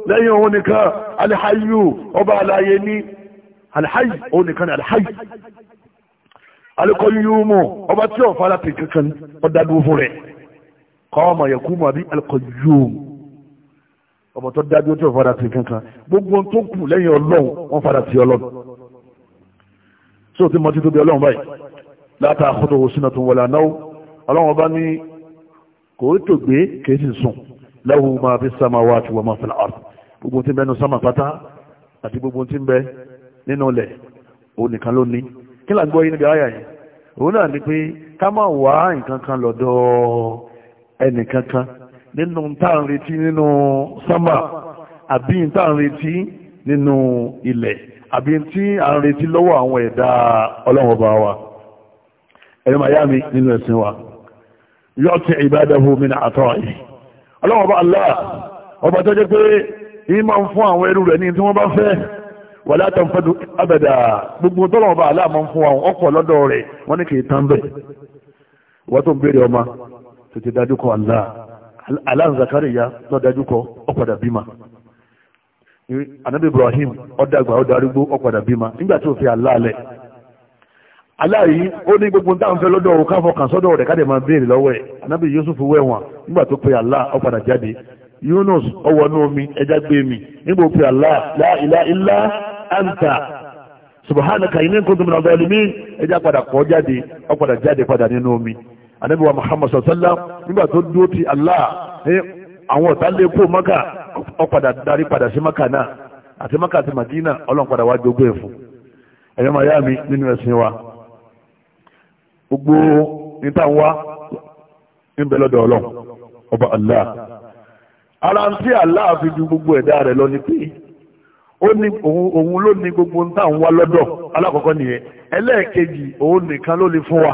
[SPEAKER 1] lẹ́yìn òun nìkan alhayu ọba aláyé ní alhayi òun nìkan ní alhayi alikọyúmọ̀ ọba tí ó fara pè kankan ọdádúró fún rẹ̀ kọ́ọ̀mà yẹ̀kúmù àbí alikọyúmọ̀ ọba tó dádúró tí ó fara pè kankan gbogbo tó kù lẹ́yìn ọlọ́run wọ́n fara pè ọlọ́run sí òtí mọ́tí tó bí ọlọ́run báyìí látà àkọ́tọ̀ òsínà tó wọlé ànáwó ọlọ́run ọba ní kò tó gbé kèésì sùn lahu ma fi samawati wa ma fil ard gbogbo tí ń bẹ nínú sámà gbogbo tí ń bẹ nínú ilẹ̀ òun nìkan ló ní kí là ń gbọ́ yín níbi àyà yìí òun náà pé ká wá nǹkan kan lọ́dọ̀ ẹnìkan kan nínú tá à ń retí nínú sámà àbí tá à ń retí nínú ilẹ̀ àbí tí à ń retí lọ́wọ́ àwọn ẹ̀dá ọlọ́run ọba wa mi nínú ẹ̀sìn wa àtọ́ yìí yìí máa fún àwọn ẹrú rẹ̀ ní tí wọ́n bá fẹ́ wà látàn fẹ́ abẹ̀dà gbogbo tọ́lọ̀ ọba àlá fún àwọn ọkọ̀ lọ́dọ̀ rẹ̀ wọ́n ní kì tán wọ́n tó ń béèrè ọmọ tètè dájú kọ àlá àlá Zakariya náà dájú kọ ọ̀padà bímọ anabi Ibrahim ọ̀dàgbà ọ̀dàrúgbó ọ̀padà bímọ nígbà tí ò fi àlá alẹ̀ yìí ó ní gbogbo fẹ́ lọ́dọ̀ sọ́dọ̀ rẹ̀ káde máa lọ́wọ́ ẹ̀ Yunus ọwọ́ n'omi ejagbe mi níbo pe Allah la ilaha illa anta subhanaka inni kuntu minaz zalimin ẹja padà kọ́ jáde ọ jáde padà nínú omi wa sallam nígbà tó dúró ti Allah àwọn ọ̀tá lè kó maka ọ darí padà maka náà àti maka àti Madina ọlọ́run wá jogún mi nínú ẹ̀sìn wa gbogbo níta lọ́dọ̀ ara ń tí Allah fi ju gbogbo ẹ̀dá rẹ̀ lọ ni pé òun ló ní gbogbo ń táwọn wá lọ́dọ̀ alákọ̀ọ́kọ́ nìyẹn ẹlẹ́ẹ̀kejì òun nìkan ló lè fún wa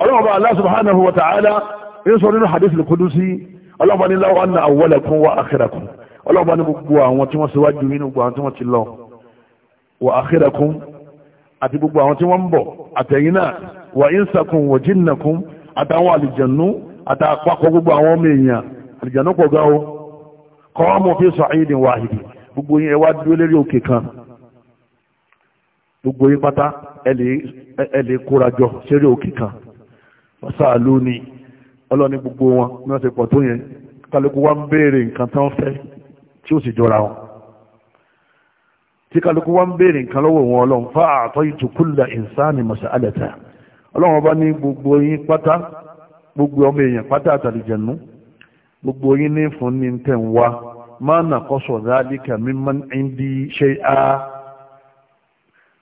[SPEAKER 1] ọlọ́run bá Allah subhanahu wa ta'ala ń sọ nínú hadith al-Qudusi ọlọ́run bá ní law anna awwalakum wa akhirakum ọlọ́run bá ní gbogbo àwọn tí wọ́n síwájú yín gbogbo àwọn tí wọ́n ti lọ wa akhirakum àti gbogbo àwọn tí wọ́n ń bọ̀ àtẹ̀yìn náà wa insakum wa jinnakum àtàwọn àlìjẹ̀nú àtàpapọ̀ gbogbo àwọn ọmọ èèyàn àlìjànú pọ̀ gan o kọ́ọ̀mù fi sa'idin wahidi gbogbo yín ẹ wá dúró lérí òkè kan gbogbo yín pátá ẹ lè kóra jọ sérí òkè kan wàsáàlú ni ọlọ́ni gbogbo wọn ní wọ́n ti pọ̀ tó yẹn kálukú wá ń béèrè nǹkan tán fẹ́ tí ó sì jọra wọn tí kálukú wá ń béèrè nǹkan lọ́wọ́ wọn ọlọ́run fa a'taytu kulla insani mas'alata ọlọ́run ọba ní gbogbo yín pátá gbogbo ọmọ èèyàn pátá àtàlìjẹ̀nú gbogbo yín ní fún ní tẹ̀ ń wá máa nà kọ́ sọ̀ dáadíkà mímọ́ ń di ṣe á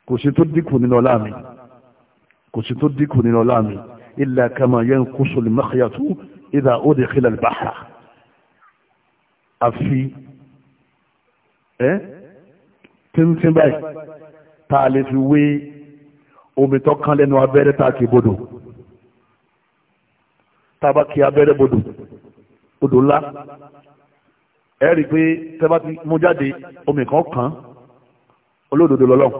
[SPEAKER 1] kò sí tó dínkù nínú ọlá mi kò sí tó dínkù nínú ọlá mi illa kama yanqusu al-makhyatu idha udkhila al-bahra àfi ẹ́ tíntín báyìí tá a lè fi wé omi tó kán lẹ́nu abẹ́rẹ́ tá a kì bodò tába kí abẹ́rẹ́ bodò odò ńlá ẹ rí i pé tẹ́bá ti mú jáde omi kan kàn olódodo lọ́lọ́run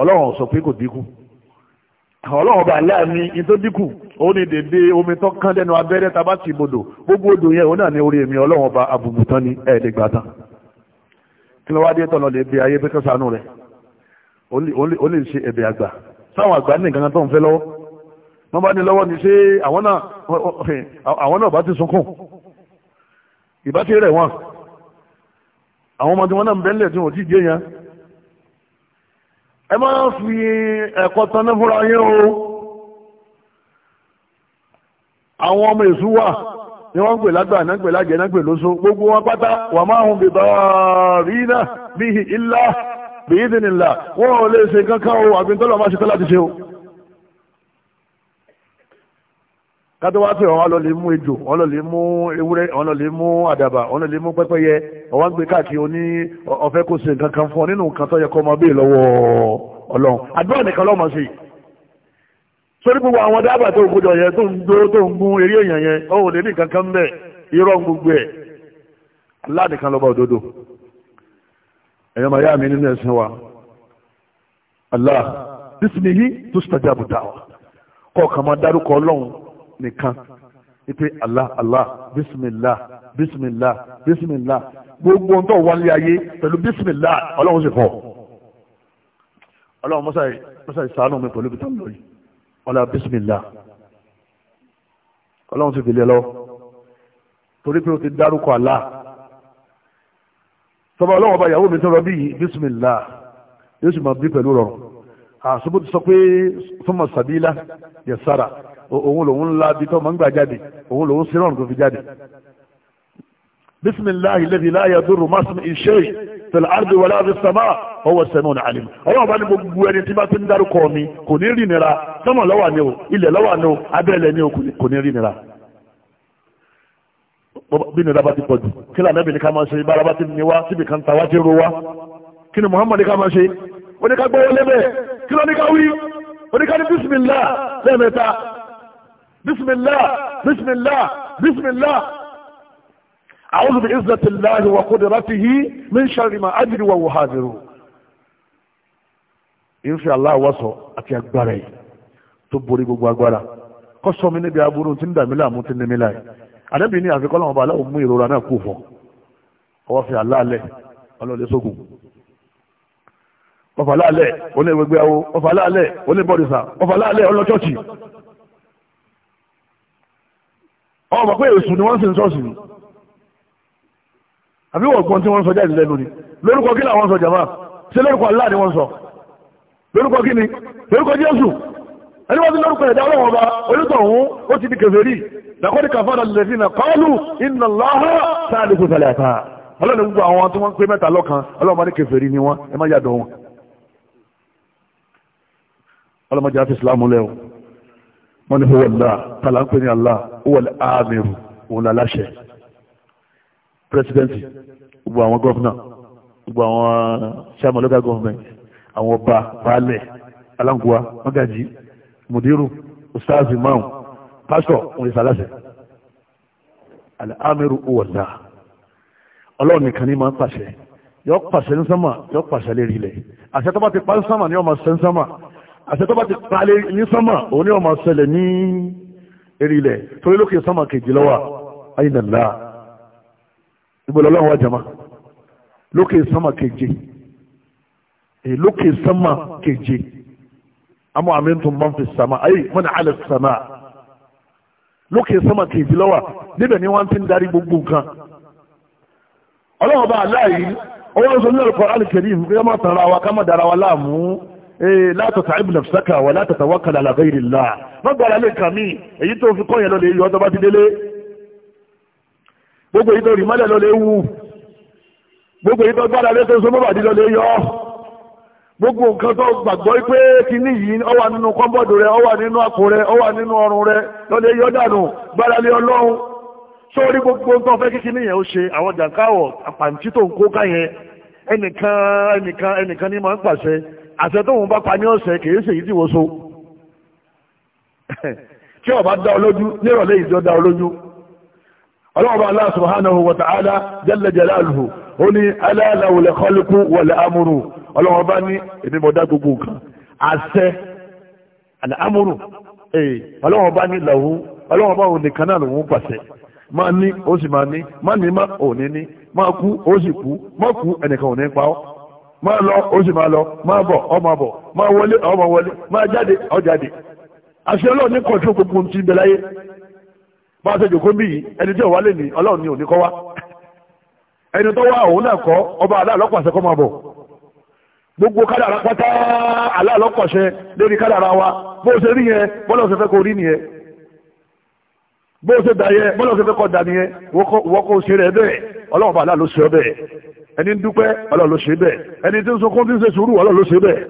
[SPEAKER 1] ọlọ́run sọ pé kò dínkù ọlọ́run bá láàmì in tó dínkù ó ní dèdè omi tó kán lẹ́nu abẹ́rẹ́ tába ti bodò gbogbo odò yẹn òun náà ní orí èmi ọlọ́run ọba àbùbùtán ní ẹ̀ẹ́dẹ́gbàtàn kí ló wá dé tọ̀nà lè bi ayé pé kọ́sánú rẹ̀ ó lè ṣe ẹ̀bẹ̀ àgbà sáwọn àgbà ní wọ́n bá ní lọ́wọ́ ní ṣé àwọn náà àwọn náà bá ti sunkún ìbá ti rẹ̀ wọ́n àwọn ọmọ tí wọ́n náà ń bẹ́ńlẹ̀ tí wọ́n ti jẹ́ yẹn ẹ máa fi ẹ̀kọ́ tán náà fúnra yín o àwọn ọmọ èṣù wà ni wọ́n ń pè lágbà náà ń pè lájẹ náà ń pè lóṣó gbogbo wọn pátá wà máa hun bèbà rí náà bíi ilá bíi ìdìnnìlà wọn ò lè ṣe kankan o àbí tọ́lọ̀ máa ṣe tọ́lá ti ṣe o. kátó wá pé ọ̀hún ọlọ́lẹ̀ mú ejò ọlọ́lẹ̀ mú ewúrẹ́ ọlọ́lẹ̀ mú àdàbà ọlọ́lẹ̀ mú pẹ́pẹ́yẹ ọwọ́n gbé káàkiri oní ọ̀fẹ́ kò sí nǹkan kan fún ọ nínú nǹkan tó yẹ kọ́ ọmọ bíi lọ́wọ́ ọlọ́run àdúrà nìkan lọ́mọ sí i sórí gbogbo àwọn dábà tó gbọdọ̀ yẹn tó ń gbó tó ń gún eré èèyàn yẹn ó lè ní nǹkan kan bẹ́ẹ̀ irọ́ gbogbo ẹ̀ Allah nìkan lọ́ba òdodo ẹ̀yọ́ màá yá Allah bísí mi yí tó sì tajà bùtà máa dárúkọ ọlọ́run nìkan ipe Allah Allah bismillah bismillah bismillah gbogbo ń tọ́ wálé ayé pẹ̀lú bismillah ọlọ́run sì fọ́ ọlọ́run mọ́sàá ìsàánú mi pẹ̀lú bìtàn lórí ọlá bismillah ọlọ́run sì fi lé lọ torí pé o ti dárúkọ Allah sọba ọlọ́run ọba ìyàwó mi tọrọ bí bismillah yóò sì máa bí pẹ̀lú rọrùn àṣùbọ̀ ti sọ pé súnmọ̀ sàbílá yẹ̀sára òun lòun ńlá bí tọ́mọ ń gbà jáde òun lòun sírọ̀n tó fi jáde bisimilahi lẹ́bi láyé dúró masin iṣẹ́ tẹ̀lé àrùbí wàlá àbí sàmà ọwọ́ sẹ́nu ọ̀nà àlìmù ọlọ́run bá ní gbogbo ẹni tí bá ti ń dárúkọ mi kò ní rí nira sọ́mọ̀ lọ́wà ni o ilẹ̀ lọ́wà ni o abẹ́lẹ̀ ni o kò ní rí nira bí nira bá ti pọ̀jù kí lànà bí ká máa ṣe bára bá ti ní wá síbi kan ta wá ti ro wá kí ni Muhammad ká máa ṣe oníkagbọ́wọ́ lẹ́bẹ̀ẹ́ kí lọ́ ní ká wí oníkaní lẹ́ẹ̀mẹ́ta bísímìlá bísímìlá bísímìlá a'udhu bi izzatillahi wa qudratihi min sharri ma ajiri wa wùhàdìrù irúfẹ́ aláwọ̀sọ àti agbára yìí tó borí gbogbo agbára kọ́ sọ mi níbi aburú tí ń dàmí láàmú tí ń nímí láì àdébì ní àfikọ́ làwọn ọba aláwọ̀ mú ìrora náà kù fún ọwọ́ fi àlàálẹ̀ ọlọ́lẹ̀ sógun ọfà láàlẹ̀ oníwẹ̀gbẹ́ awo ọfà láàlẹ̀ oníbọ̀dìsà ọfà láàlẹ̀ ọlọ́chọ́ọ̀chì ọba mọ̀ pé èsùn ni wọ́n sì ń sọ́ọ̀sì ni àbí wọ́n gbọ́n tí wọ́n sọ jáde lẹ́nu ni lórúkọ kí làwọn sọ jàmá ṣé lórúkọ Allah ni wọ́n sọ lórúkọ kí ni lórúkọ Jésù ẹni wọ́n ti lórúkọ ẹ̀dá ọlọ́wọ́ ọba onítọ̀hún ó ti di kèfèrí laqad wọ́n ọlọ́run ní wọ́n ní huwa Allah tàlà ń pè ní Allah huwa al-amiru òun làláṣẹ pírẹsidẹ́ǹtì gbogbo àwọn gọ́fúnà gbogbo àwọn chairman local government àwọn ọba baálẹ̀ aláǹkúwa mọ́gàjì mùdírù ustaazi máwùn pásítọ̀ òun ìsàlásẹ̀ al-amiru huwa Allah ọlọ́run nìkan ní máa ń pàṣẹ yọ pàṣẹ ní sánmà yọ pàṣẹ lérí ilẹ̀ àṣẹ tó bá ti pa ní sánmà ni ọmọ sẹ́ ń sánmà àṣẹ tó bá ti palẹ̀ ní sánmà òun ni wọ́n máa ṣẹlẹ̀ ní eré ilẹ̀ torí lókè sánmà kejì lọ́wọ́ ayinala ìgbòlò ọlọ́run wa jama lókè sánmà keje lókè sánmà keje àmọ́ àmì tó máa ayé mọ́nà alẹ́ sàmà lókè sánmà keje lọ́wọ́ níbẹ̀ ni wọ́n ti ń darí gbogbo nǹkan ọlọ́run bá aláàyè ọwọ́ ló sọ ní ọ̀rọ̀ kọ́ alìkẹ́rì ìfúkẹ́ máa tàn ra wa ká má dara wa láàmú. Eh, la tata'ib nafsaka wa la tatawakkal ala ghayri Allah mọ́gbàrá lè kà mí èyí tó fi kọ́yìn lọ́lẹ̀ yọ ọdọ́bá ti délé gbogbo ìtọ́ rí mọ́lẹ̀ lọ́lẹ̀ wù gbogbo tó gbogbo nǹkan nínú rẹ nínú àpò rẹ nínú ọrùn rẹ lọ́lẹ̀ yọ dànù gbogbo fẹ́ ó ṣe àwọn jàǹkáwọ̀ àpàǹtí tó ń kó káyẹn ẹnìkan ẹnìkan ẹnìkan ní àṣẹ tóun bá pa ní ọ̀sẹ̀ kìí ṣe èyí tí wọ́n so tí ọba dá olójú nírọ̀lẹ́ ìjọ dá olójú ọlọ́ọ̀bá Allah subhanahu wa ta'ala jalla jalaluhu ó ní ala lahul khalqu wal ọlọ́ọ̀bá ní èmi gbogbo nǹkan àṣẹ àlẹ́ ọlọ́ọ̀bá ní làwọn ọlọ́ọ̀bá òun máa lọ ó sì máa lọ máa bọ ọmọ bọ máa wọlé ọmọ wọlé máa jáde ọjàde àṣẹ ọlọ́run ní kọ̀ọ̀tún gbogbo ti bẹ láyé bá a ṣe jòkó ẹni tí ò wá lè ní ni ò ẹni tó wá òun náà ọba aláàlọ́pàṣẹ kọ́ máa gbogbo kádàrà pátá lórí kádàrà wa bó ṣe rí yẹn rí nìyẹn bó ṣe dà yẹn dà nìyẹn wọ́kọ̀ ṣe rẹ̀ bẹ́ẹ̀ ọlọ́run bá ẹni ń dúpẹ́ ọlọ́run ló ṣe bẹ́ẹ̀ ẹni tí ń sunkún tí ń ṣe sùúrù ọlọ́run ló ṣe bẹ́ẹ̀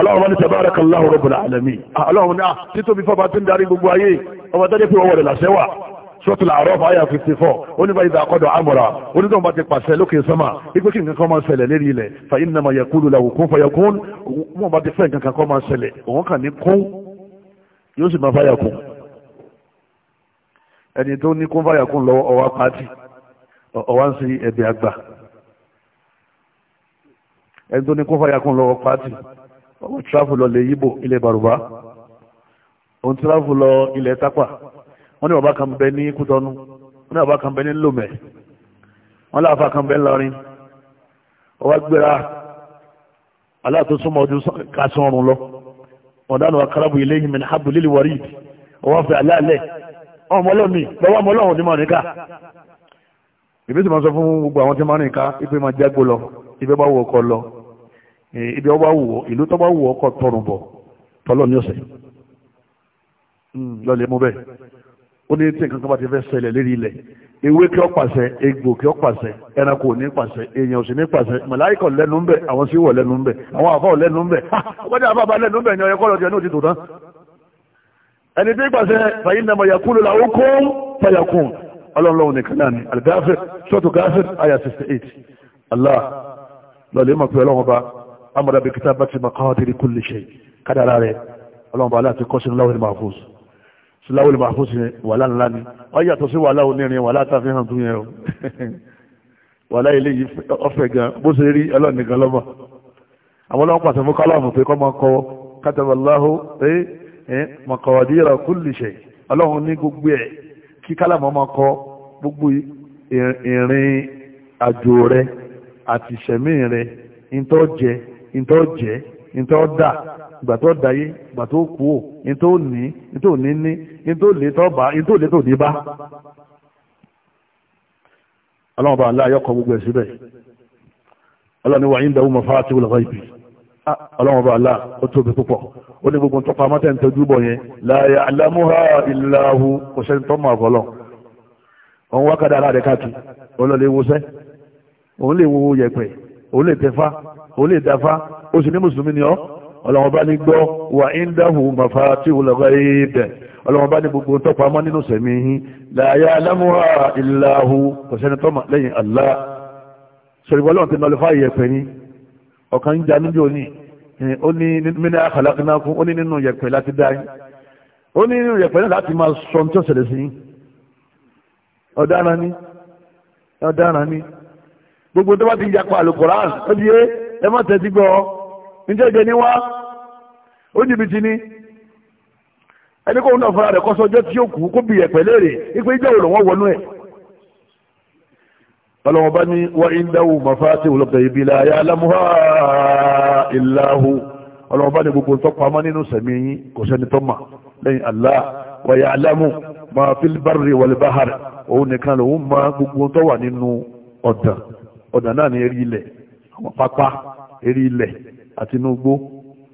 [SPEAKER 1] ọlọ́run wọn ní tabarakallahu rabbul alamin ah, ọlọ́run náà ah, títóbi fọba tí ń darí gbogbo ayé ọba tó dé ọwọ́ rẹ̀ làṣẹ́wà sọ́tù làárọ̀ fàáyà 54 oníbà ìdá àkọ́dọ̀ àmọ̀ra onídọ̀n bá ti pàṣẹ lókè sọ́mà ipé kí nǹkan máa ṣẹlẹ̀ lérí ilẹ̀ fàyín nàmà yẹkúlù làwùkún fàyẹkún wọn bá ti fẹ́ nǹkan kan máa ṣẹlẹ̀ òun kàn ní kún yóò sì máa fàyà kún ẹni tó ní kún fàyà kún lọ́wọ́ ọwọ́ pàtì ọ̀wá ń sí ẹ̀bẹ̀ àgbà ẹni tó ní kó fàyàkùn lọ pàtì ọwọ́ tíráfù lọ lè yíbò ilẹ̀ bàrùbá òun tíráfù lọ ilẹ̀ tápà wọ́n ní bàbá kan bẹ ní kútọ́nú wọ́n ní bàbá kan bẹ ní lòmẹ̀ wọ́n láàfà kan bẹ ńlọrin ọwọ́ gbéra aláàtúnṣúmọ̀ ọdún kásán ọrùn lọ ọ̀dánù akarabu ilé yìí mẹ́ni habulili wọ̀rí ọwọ́ fẹ́ aláàlẹ̀ ọmọlọ́mì lọ́wọ́ ọmọlọ́wọ́ ìbí sì máa sọ fún gbogbo àwọn tí máa rìn ká ipe máa jágbó lọ ibi ọba wù ọkọ lọ ibi ọba wù ọ ìlú tọba wù ọkọ tọrùn bọ tọlọ ní ọ̀sẹ̀ lọlẹ mú bẹ́ẹ̀ ó ní tí nǹkan kan bá ti fẹ́ ṣẹlẹ̀ lérí ilẹ̀ ewé kí ọ pàṣẹ egbò kí ọ pàṣẹ ẹranko ò ní pàṣẹ èèyàn ò sì ní pàṣẹ màláìkọ lẹ́nu ń bẹ àwọn sí wọ lẹ́nu ń bẹ àwọn àfa ò ń bẹ ọgbọdẹ àfa bá lẹ́nu ń bẹ ni ọyẹ kọlọ tiẹ̀ ní òtítù tán ẹni tí pàṣẹ fàyín nàmọ yàkúlò làwọn kó fàyàkùn ọlọ́run nìkan náà ni algafir sọ́tù gafir aya 68 allah lọ́lẹ̀ mọ̀ pé ọlọ́run ọba amọ̀dá bí kìtà bá ti maqadir kulli shay kádàrà rẹ̀ ọlọ́run ọba aláàtí kọ́ sínú láwọ̀lì mahfuz sí láwọ̀lì mahfuz ni wàhálà ńlá ni wọ́n yàtọ̀ sí wàhálà onírin wàhálà tá a fi hàn tún yẹn o wàhálà ilé yìí ọ̀fẹ́ gan bó ṣe rí ọlọ́run nìkan eh, eh, ọlọ́run ní gbogbo ẹ̀ kí kálàmọ́ máa kọ gbogbo ìrìn àjò rẹ àti ìṣẹ̀mí rẹ ìtọ́ jẹ ìtọ́ jẹ ìtọ́ dà ìgbà tó dáyé ìgbà tó kú ò ìtọ́ ní ìtọ́ ní ní ìtọ́ lè tọ́ bá ìtọ́ lè tò ní bá. ọlọ́run bá aláyọ̀kọ̀ gbogbo ẹ̀ síbẹ̀ ọlọ́run ni wàá ń dàwọ́ mọ́ fáwọn àti wọ́n lọ́wọ́ ìbí ọlọ́run bá aláà ó tóbi púpọ̀ ó ní gbogbo tọ́pọ̀ amátẹ́ ń tọ́jú bọ̀ yẹn láyé alámúhà ìlàhù kò sẹ́ni tọ́mọ̀ àfọlọ́ òun wá kádà aláàrẹ káàkiri òun lè wọṣẹ́ òun lè wo yẹ̀pẹ̀ òun lè tẹ̀fá òun lè dáfá ó sì ní mùsùlùmí ni ọ́ ọlọ́run bá ní gbọ́ wà ń dáhù màfà tí ò lọ́gọ́ ibẹ̀ ọlọ́run bá ní gbogbo tọ́pọ̀ amọ́ nínú sẹ̀mí yín láyé alámúhà ìlàhù kò sẹ́ni tọ́mọ̀ lẹ́yìn àlá sọ̀rọ̀ ọ̀kan ń jà níbi òní eh, ó ní mílẹ̀ àkàlákínákún ó ní nínú yẹ̀pẹ̀ láti dá yín ó ní nínú yẹ̀pẹ̀ náà láti máa sọ tí ó ṣẹlẹ̀ sí yín ọ̀daràn ni ọ̀daràn ni gbogbo tó bá ti yapa alukoran ó di yé ẹ má tẹ́tí gbọ́ ní wá ó jìbìtì ni ẹni náà rẹ̀ kọ́sọ́ tí ó kó ọlọ́wọ́ bá ní wá ìdáwò mafáàtì olóògbé ibi láyá alámúhá ìláhù ọlọ́wọ́ bá ní gbogbo tó pamọ́ nínú sẹ̀mí yín kò sẹ́ni tó mà lẹ́yìn àlá wàyà alámù ma fílbárì wàlìbáhàrì òun nìkan lòun ma gbogbo tó wà nínú ọ̀dàn ọ̀dàn náà ní eré ilẹ̀ àwọn pápá eré ilẹ̀ àti inú igbó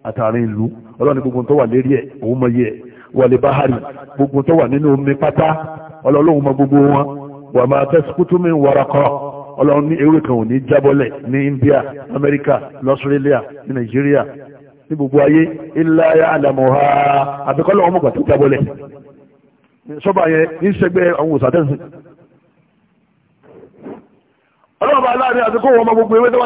[SPEAKER 1] àtàrin ìlú ọlọ́ni gbogbo wà máa tasqutu min waraqa ọlọ́run ní ewé kan ò ní jábọ́lẹ̀ ní India America, lọ́sírẹ́líà ní Nàìjíríà ní gbogbo ayé illa ya'lamuha àbíkọ́lọ́ ọmọ gbà tó jábọ́lẹ̀ sọ́ba yẹn ní sẹ́gbẹ́ àwọn òsàtẹ́sìn ọlọ́run bá láàrin àbíkọ́ wọn ọmọ gbogbo ewé tó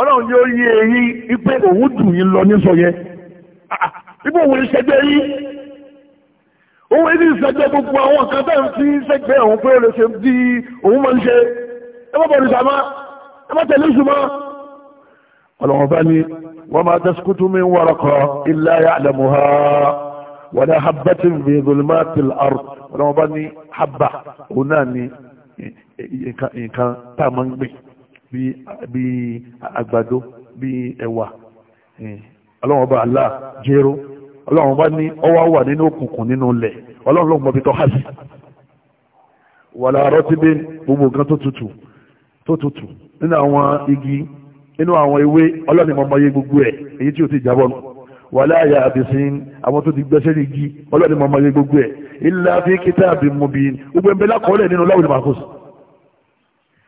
[SPEAKER 1] ọlọ́run yóò yí eyín wípé òun dùn yín lọ ní sọyẹ ah, ibo òun ìṣẹ́gbẹ́ yín òun ìdí ìṣẹ́gbẹ́ gbogbo àwọn kan tẹ́ ń fi ṣẹ́gbẹ́ òun pé ó lè ṣe bí òun máa ń ṣe ẹ má bọ̀dù sàmá ẹ má tẹ̀lé ìṣùmọ́ ọlọ́run bá ní wọ́n máa tẹ́síkútú mi ń wọ́rọ̀kọ̀ illa ya'lamuha wọ́n ní habbatin fi dhulumatil ard ọlọ́run bá ní habba òun náà ní nǹkan tá a máa ń gbìn bíi àgbàdo bíi ẹ̀wà ọlọ́run ọba Allah jéró ọlọ́run ọba ní ọwọ́ wà nínú òkùnkùn nínú ilẹ̀ ọlọ́run ló mọ ibi tó há sí wà láàárọ̀ tí bí gbogbo nǹkan tó tutù tó tutù nínú àwọn igi nínú àwọn ewé ọlọ́run ìmọ̀ ọmọ yé gbogbo ẹ̀ èyí tí ó ti jábọ́ nù wà láàyà àbìsìn àwọn tó ti gbẹ́sẹ̀ ní igi ọlọ́run ìmọ̀ gbogbo ẹ̀ illa fi kitabim mubin gbogbo ẹ̀ńbẹ́lá kọ́ọ́lẹ̀ nínú láwùjọ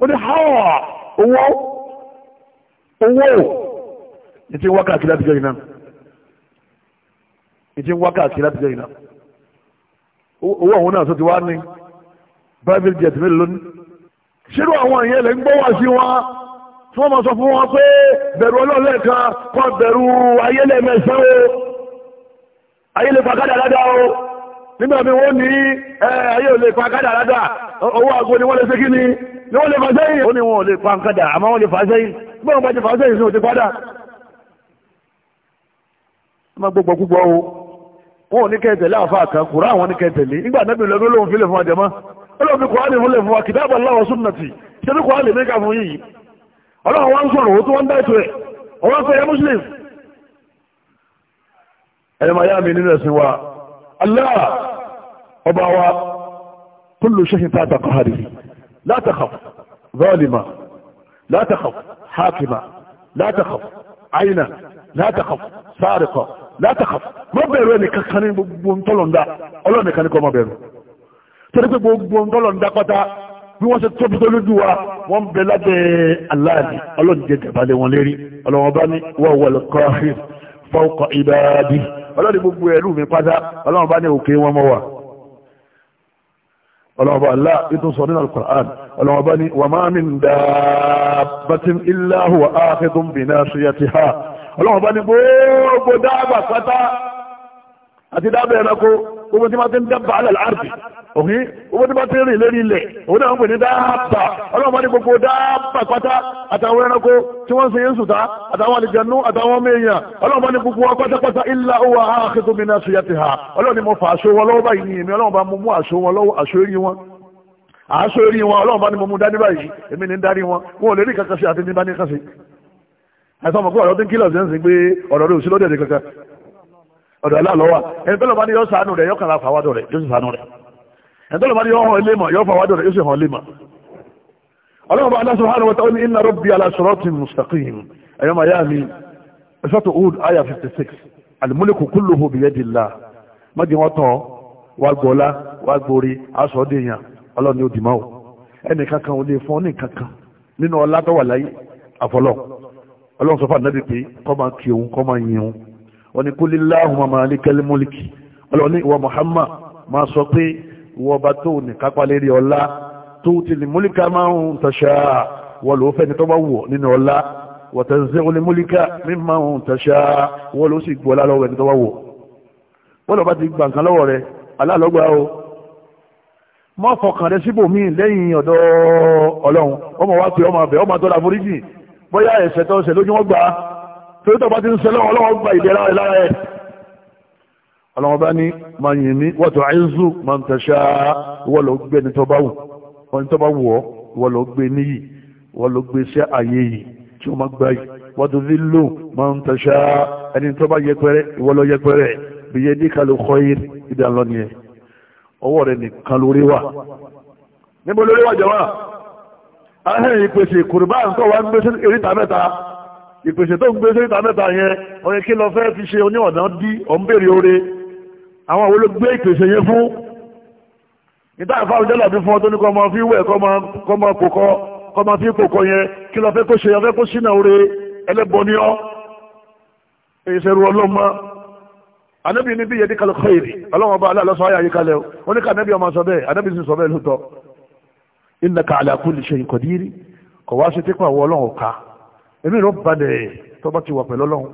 [SPEAKER 1] ó ní hàwà owó owó ìtí wákàtí láti jẹ́ ìná ìtí wákàtí láti jẹ́ ìná owó àwọn náà tó ti wá ní private jet mélòó lónìí ṣírò àwọn ìyẹn lè ń gbọ́ wá sí wọn tí wọ́n máa sọ fún wọn pé bẹ̀rù ọlọ́ọ̀lẹ́ kan kọ́ bẹ̀rù ayélujára ayélujára kàkàdà o. nígbà bí wọ́n ní ayé ò lè pa kádà rádà owó àgbo ni wọ́n lè ṣe kí ni ni wọ́n lè fà sẹ́yìn ó ní wọn ò lè pa kádà àmọ́ wọ́n lè fà sẹ́yìn bí wọ́n bá ti fà sẹ́yìn sí òtí padà gbogbo o wọn ò ní kẹ́ tẹ̀lé àfa kan kùrá àwọn ní kẹ́ tẹ̀lé nígbà nábì lọ́dún lóhun fún àjẹmọ́ ọba wa kullu shay'in tahta qahrihi la takhaf zalima la takhaf hakima la takhaf aina la takhaf sariqa la takhaf mọ́ bẹ̀rù ẹni kankan ní gbogbo ntọ́lọ̀ndá ọlọ́ọ̀nì kan ní kọ́ mọ́ bẹ̀rù torí pé gbogbo ntọ́lọ̀ndá pátá bí wọ́n ṣe tóbi tó lójú wa wọ́n ń bẹ lábẹ́ aláàdì ọlọ́ọ̀nìjẹ tẹ̀balẹ̀ wọn lérí ọlọ́wọ́n bá ní wọ́n wọlé kọ́ọ̀hìn fọ́ọ̀kọ̀ ìbáàdì ọlọ́ọ̀nì gbogbo ẹ̀rù mi pátá ọlọ́wọ́n bá ní òkè wọn mọ́ wà ọlọ́ọ̀bá aláà ètò sọ nínú alkùnrán ọlọ́ọ̀bá ni wà máa min dáàbàtín iláhù wà áàkẹ́dùn bí náà ṣe yẹ ti ha ọlọ́ọ̀bá ni gbogbo dáàbà pátá àti dáàbà ẹranko gbogbo tí wọ́n ti ń dábà alẹ́ àrùbí òhìn gbogbo tí wọ́n ti rìn lérí ilẹ̀ òun náà ń pè ní dáàbà ọlọ́run ní gbogbo dáàbà pátá àtàwọn ẹranko tí wọ́n ń sin yín sùtá àtàwọn àlejànú àtàwọn ọmọ èèyàn ọlọ́run ní gbogbo pátápátá ilà owó àhàkẹ́tò mi náà ṣùyà ti hà ọlọ́run ni mo fà aṣọ wọn lọ́wọ́ báyìí ni èmi ọlọ́run bá mú mú aṣọ wọn lọ́wọ́ aṣọ eré wọn aṣọ eré wọn ọlọ́run bá ọ̀dọ̀ aláàlọ́wà ẹni tó lọ bá ní yọ́ sàánù rẹ̀ yọ́ kàrà fàwádọ̀ rẹ̀ yóò sì sàánù rẹ̀ ẹni tó lọ bá ní yọ́ hàn ilé mọ̀ yọ́ fàwádọ̀ rẹ̀ yóò sì hàn ilé ọlọ́run bá Allah subhanahu wa ta'ala inna rabbi ala siratin mustaqim ẹ̀yọ́ miami ẹ̀sọ́tò Hud aya 56 al-mulku kulluhu biyadillah mọ́jì wọn tán wà gbọ́lá wà gborí aṣọ ọdẹ yẹn ọlọ́run ni ó dìmọ́ ẹnì kankan ò lè fún ní kankan nínú ọlá tó wà láyé àfọlọ́ ọlọ́run sọ fún ànábì pé kọ́ máa kí òun kọ́ máa yin òun wọ́n ní kulillahumma malikal mulki ọlọ́run ní ìwọ Muhammad máa sọ pé ìwọ bá tó ní kápá lérí ọlá tó ti lè múlíkà máa ń tàṣà wọ́n ló fẹ́ni tó bá wọ̀ nínú ọlá wọ̀tẹ̀sẹ̀ olè múlíkà mí máa ń tàṣà wọ́n ló sì gbọ́ ọlá ẹni tó bá wọ̀ wọ́n lọ́ba ti gbà nǹkan lọ́wọ́ rẹ̀ alálọ́gbà o mọ́ fọkàn torí tọ́ba ti ń sẹ́lẹ̀ ọlọ́wọ́ gba ìdẹ̀ra rẹ̀ lára ẹ̀ ọlọ́wọ́ bá ní máa yìn mí wọ́n tó àìsù máa ń tẹ̀sà ìwọ́ ló gbé ní tọ́ba wù wọ́n ní tọ́ba wù ọ́ ìwọ́ ló gbé níyì ìwọ́ ló gbé sí àyè yìí tí wọ́n máa gbá yìí wọ́n tó fi lò máa ń tẹ̀sà ẹni tọ́ba yẹpẹrẹ ìwọ́ ló yẹpẹrẹ bìyẹ ní kálù kọ́yé ìdánlọ́ni ẹ̀ ọwọ́ ìpèsè tó ń gbé sẹ́ríta mẹ́ta yẹn ọ̀yẹ́ kí lọ fẹ́ fi ṣe oníwọ̀nà dí ọ̀nbèrè oore àwọn àwọn olóògbé ìpèsè yẹn fún níta àfáwọn jẹ́là bí fún ọ tó ní kọ́mọ fi wẹ̀ kọ́mọ kòkọ́ kọ́mọ fi kòkọ́ yẹn kí lọ fẹ́ kó ṣe ọfẹ́ kó sínà oore ẹlẹ́bọ ní ọ́ ìṣẹ̀rù ọlọ́mọ anábì ní bí yẹdí kalẹ̀ kọ́ìrì ọlọ́wọ́n bá aláàlọ́sọ ayé àyíkalẹ̀ oníkà anábì ọmọ sọ bẹ́ẹ̀ anábì sì sọ bẹ́ẹ̀ lóòótọ́ innaka ala kulli shay'in qadir kọ̀ wá sí típa àwọn ọlọ́run ká ẹ̀mí rẹ̀ balẹ̀ tó bá ti wà pẹ̀lú ọlọ́run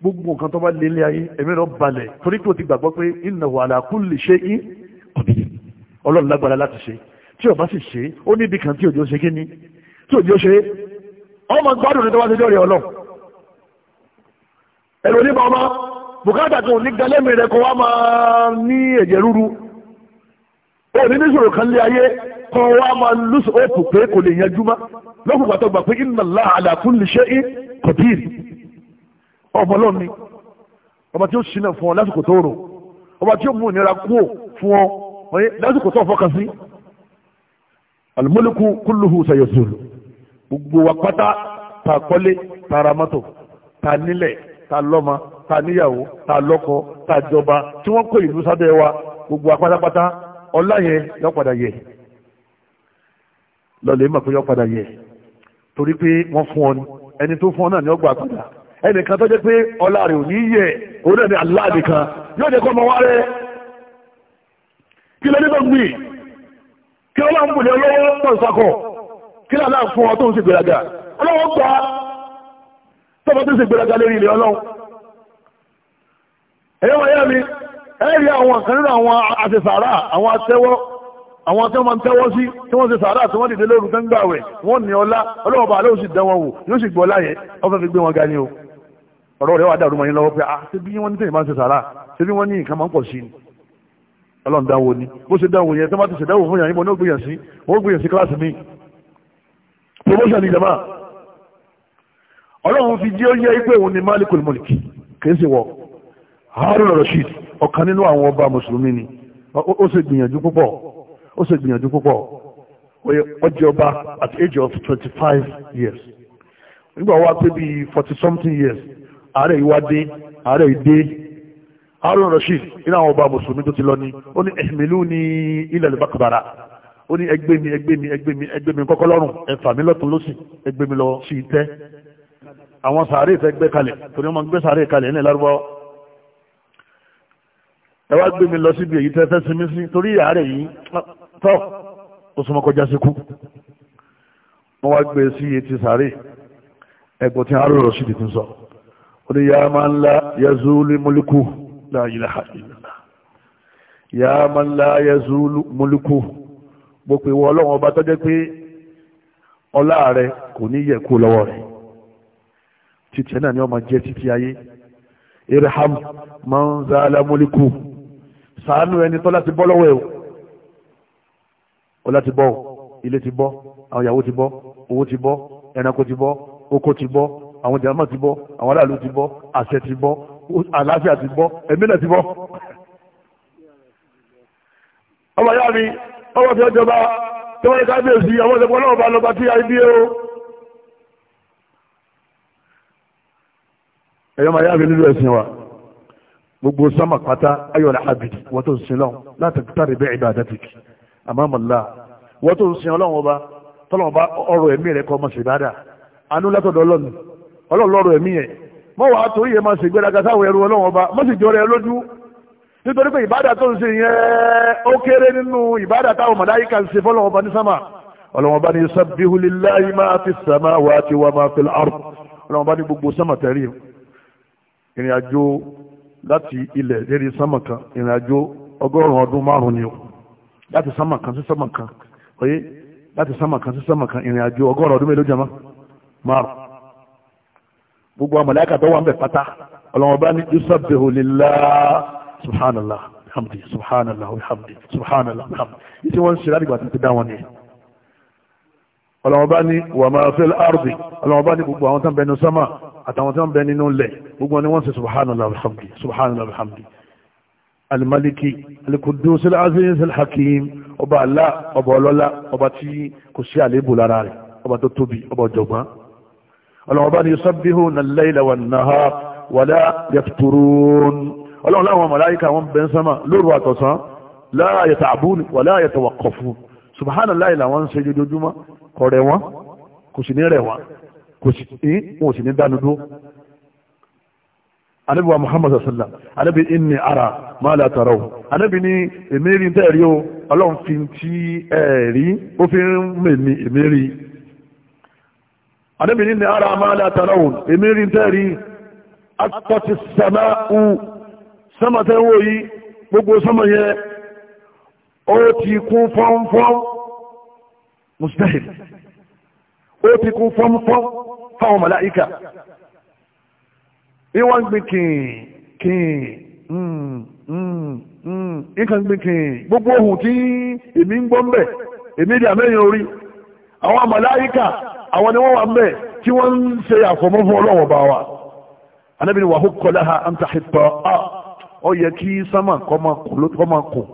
[SPEAKER 1] gbogbo nǹkan tó bá lé ilé ayé ẹ̀mí rẹ̀ balẹ̀ torí tó ti gbàgbọ́ pé innahu ala kulli shay'in qadir ọlọ́run lágbára láti ṣe tí ó bá sì ṣe ó níbi kan tí òjò ṣe kí ni tí òjò ṣe ọmọ gbádùn ní tó wá sí ọlọ́run ẹ̀rọ onímọ̀ ọmọ bùkátà tó ní galẹ́mì rẹ̀ kó wá máa ní ẹ̀jẹ̀ rúru ó ní níṣòro kan lé ayé kọ́ wa máa lùsù òpù pé kò lè yanjú má lọ́kùnkà tó gbà pé inna Allah ala kulli shay'in qadir ọmọ ọlọ́run ni ọba tí ó ṣínà fún ọ lásìkò tó rò ọba tí ó mú ìnira kúò fún ọ lásìkò tó fọkàn sí al-mulku kulluhu sayazul gbogbo wa pátá ta kọ́lé ta ra mọ́tò ta nílẹ̀ ta lọ́mọ ta níyàwó ta lọ́kọ ta jọba tí wọ́n kó ìlú sábẹ́ wa gbogbo wa pátápátá ọlá yẹn yọ padà yẹ pé yọ padà yẹ torí pé wọn fún ọ ni ẹni tó fún ọ náà ni ọ gba padà ẹnìkan tó jẹ́ pé ọlá rẹ̀ ò ní yẹ òun náà ni nìkan yóò jẹ́ kọ́ ọmọ wa rẹ̀ kí tó gbìn kí ọlá ń ọlọ́wọ́ tó ọ tó ń ṣe ọlọ́wọ́ gbà tó ń ṣe ẹ̀rí àwọn kan nínú àwọn àṣẹsàárà àwọn atẹ́wọ́ àwọn atẹ́wọ́ máa ń tẹ́wọ́ sí tí wọ́n ṣe sàárà tí wọ́n dìde lóru tó ń gbà wẹ̀ wọ́n ní ọlá ọlọ́wọ́ bá lóò sì dán wọn wò yóò sì gbọ́ láyẹ wọ́n fẹ́ fi gbé wọn ga ni o ọ̀rọ̀ rẹ̀ wà dàrú mọ́ yín lọ́wọ́ pé ah ṣé bí wọ́n ní tẹ̀yìn máa ń ṣe sàárà ṣé bí wọ́n ní nǹkan máa ń pọ̀ sí ni ọlọ́run dáwọ́ ni bó ṣe dáwọ́ yẹn tó bá ti ṣèdáwọ́ fún yàn yín mo ní ó gbìyàn promotion ni jama ọlọ́run fi jí ó yẹ ipò òun ni malikul mulki kì í ọ̀kan nínú àwọn ọba mùsùlùmí ni ó sì gbìyànjú púpọ̀ ó sì gbìyànjú púpọ̀ ó ọba at age of twenty five years nígbà wá pé bíi forty something years ààrẹ ìwádé ààrẹ ìdé Harun Rashid nínú àwọn ọba mùsùlùmí tó ti lọ ni ó ní ẹ̀mílú ní ilẹ̀ ìbákabara ó ní ẹgbẹ́ mi ẹgbẹ́ mi ẹgbẹ́ mi ẹgbẹ́ mi kọ́kọ́ lọ́rùn ẹ̀fà mi lọ́tún lọ́sì ẹgbẹ́ mi lọ sí i tẹ́ àwọn sàárè fẹ́ gbẹ́ kalẹ̀ torí wọ́n máa sàárè kalẹ̀ ní ìlárúbọ́ ẹ wá gbé mi lọ síbi èyí tẹ́ fẹ́ sinmi sí torí àárẹ̀ yìí tọ́ ó súnmọ́ kọjá sí kú wọ́n wá gbé e sí etí sàárè ẹgbọ́n tí àárọ̀ rọ̀ sí ti sọ ó ní yàá máa ń la yazulu mulku la ilaha illallah yàá máa ń la yazulu mulku gbogbo ìwọ ọlọ́run ọba tọ́jẹ́ pé ọlá rẹ kò ní yẹ̀ kú lọ́wọ́ rẹ̀ títí náà ni wọ́n máa jẹ́ títí ayé irham man zala sàánú ẹni tó láti bọ́ lọ́wọ́ ẹ̀ o ó láti bọ́ ilé ti bọ́ àwọn ìyàwó ti bọ́ owó ti bọ́ ẹranko ti bọ́ oko ti bọ́ àwọn jàmá ti bọ́ àwọn aráàlú ti bọ́ àṣẹ ti bọ́ àlàáfíà ti bọ́ ẹ̀mí náà ti bọ́ ọmọ yá mi ọmọ fi ọjọba tí wọ́n ní kábíyèsí àwọn ìṣẹ̀pọ̀ náà bá lọ́ba tí àìdí o ẹ̀yọ́ máa yá mi nínú ẹ̀sìn wa gbogbo sama pata ayọ̀lá abidi wọ́n tó ń sin lọ́wọ́ láti tàrí bẹ́ẹ̀ ibadatik àmàmàlá wọ́n tó ń sin ọlọ́wọ́ bá tọ́lọ́wọ́ bá ọrọ̀ ẹ̀mí rẹ̀ kọ́ ma ṣe dáadáa anú látọ̀dọ̀ ọlọ́nu ọlọ́lọ́rọ̀ ẹ̀mí ẹ̀ mọ́ wàá torí ẹ̀ ma ṣe gbéraga sáwọ̀ ẹrú ọlọ́wọ́ bá má sì jọ rẹ̀ lójú nítorí pé ìbádà tó ń ṣe yẹn ó kéré nínú ìbádà táwọn màláyíkà ń ṣe fọlọ́wọ́ bá ní sámà ọlọ́wọ́ bá ní sábíhu lillahi máa fi samawati wa máa fil ard ọlọ́wọ́ bá ní gbogbo sámà tẹ̀rí ìrìn àjò láti ilẹ̀ lérí sánmà kan ìrìn àjò ọgọ́rùn-ún ọdún márùn-ún ni o láti sánmà kan sí sánmà kan oyé láti sánmà kan sí sánmà kan ìrìn àjò ọgọ́rùn-ún ọdún mélòó jẹma márùn gbogbo àmàlẹ́kà tó wà ń bẹ̀ pátá ọlọ́wọ́n bá ní yusabbihu lillah subhanallah hamdi subhanallah hamdi subhanallah hamdi ìtí wọ́n ń ṣe láti gbà tí dá wọn ni ọlọ́wọ́n bá ní wàmà fil ardi ọlọ́wọ́n bá gbogbo àwọn tán bẹnu sánmà àtàwọn tí wọ́n bẹ nínú lẹ̀ gbogbo ni wọ́n sì subhanallah alhamdi subhanallah alhamdi alimaliki alikudus alaziz alhakim ọba alá ọba ọlọ́lá ọba tí kò sí àléébù lára rẹ̀ ọba tó tóbi ọba ọ̀jọ̀gbọ́n ọlọ́wọ́n bá ní yusabbihuna al wọn kò sì ní wọn sì ní dánu dúró anabi wa muhammad sallam anabi inni ara ma la taraw anabi ni emeri tẹ rí o ọlọ́run fi ti ẹ rí ó fi ń mèmí emeri anabi ni inni ara ma la taraw emeri tẹ rí atọ́tí sàmà u sàmà tẹ wò yìí gbogbo sàmà yẹn ó ti kún fọ́nfọ́n mustahil ó ti kún fọ́nfọ́n fáwọn màláìkà ìwọ́n gbin kìín kìín nǹkan mm, mm, mm, gbin kìín gbogbo ohun tí èmi ń gbọ́ ń bẹ̀ èmi di àmẹ́yìn orí àwọn màláìkà àwọn ni wọ́n wà ń bẹ̀ tí wọ́n ń ṣe àfọ̀mọ́ ọlọ́wọ̀ bá wa anábìrì wàhú kọlá ha ń tàhìtọ́ a ó yẹ kí sámà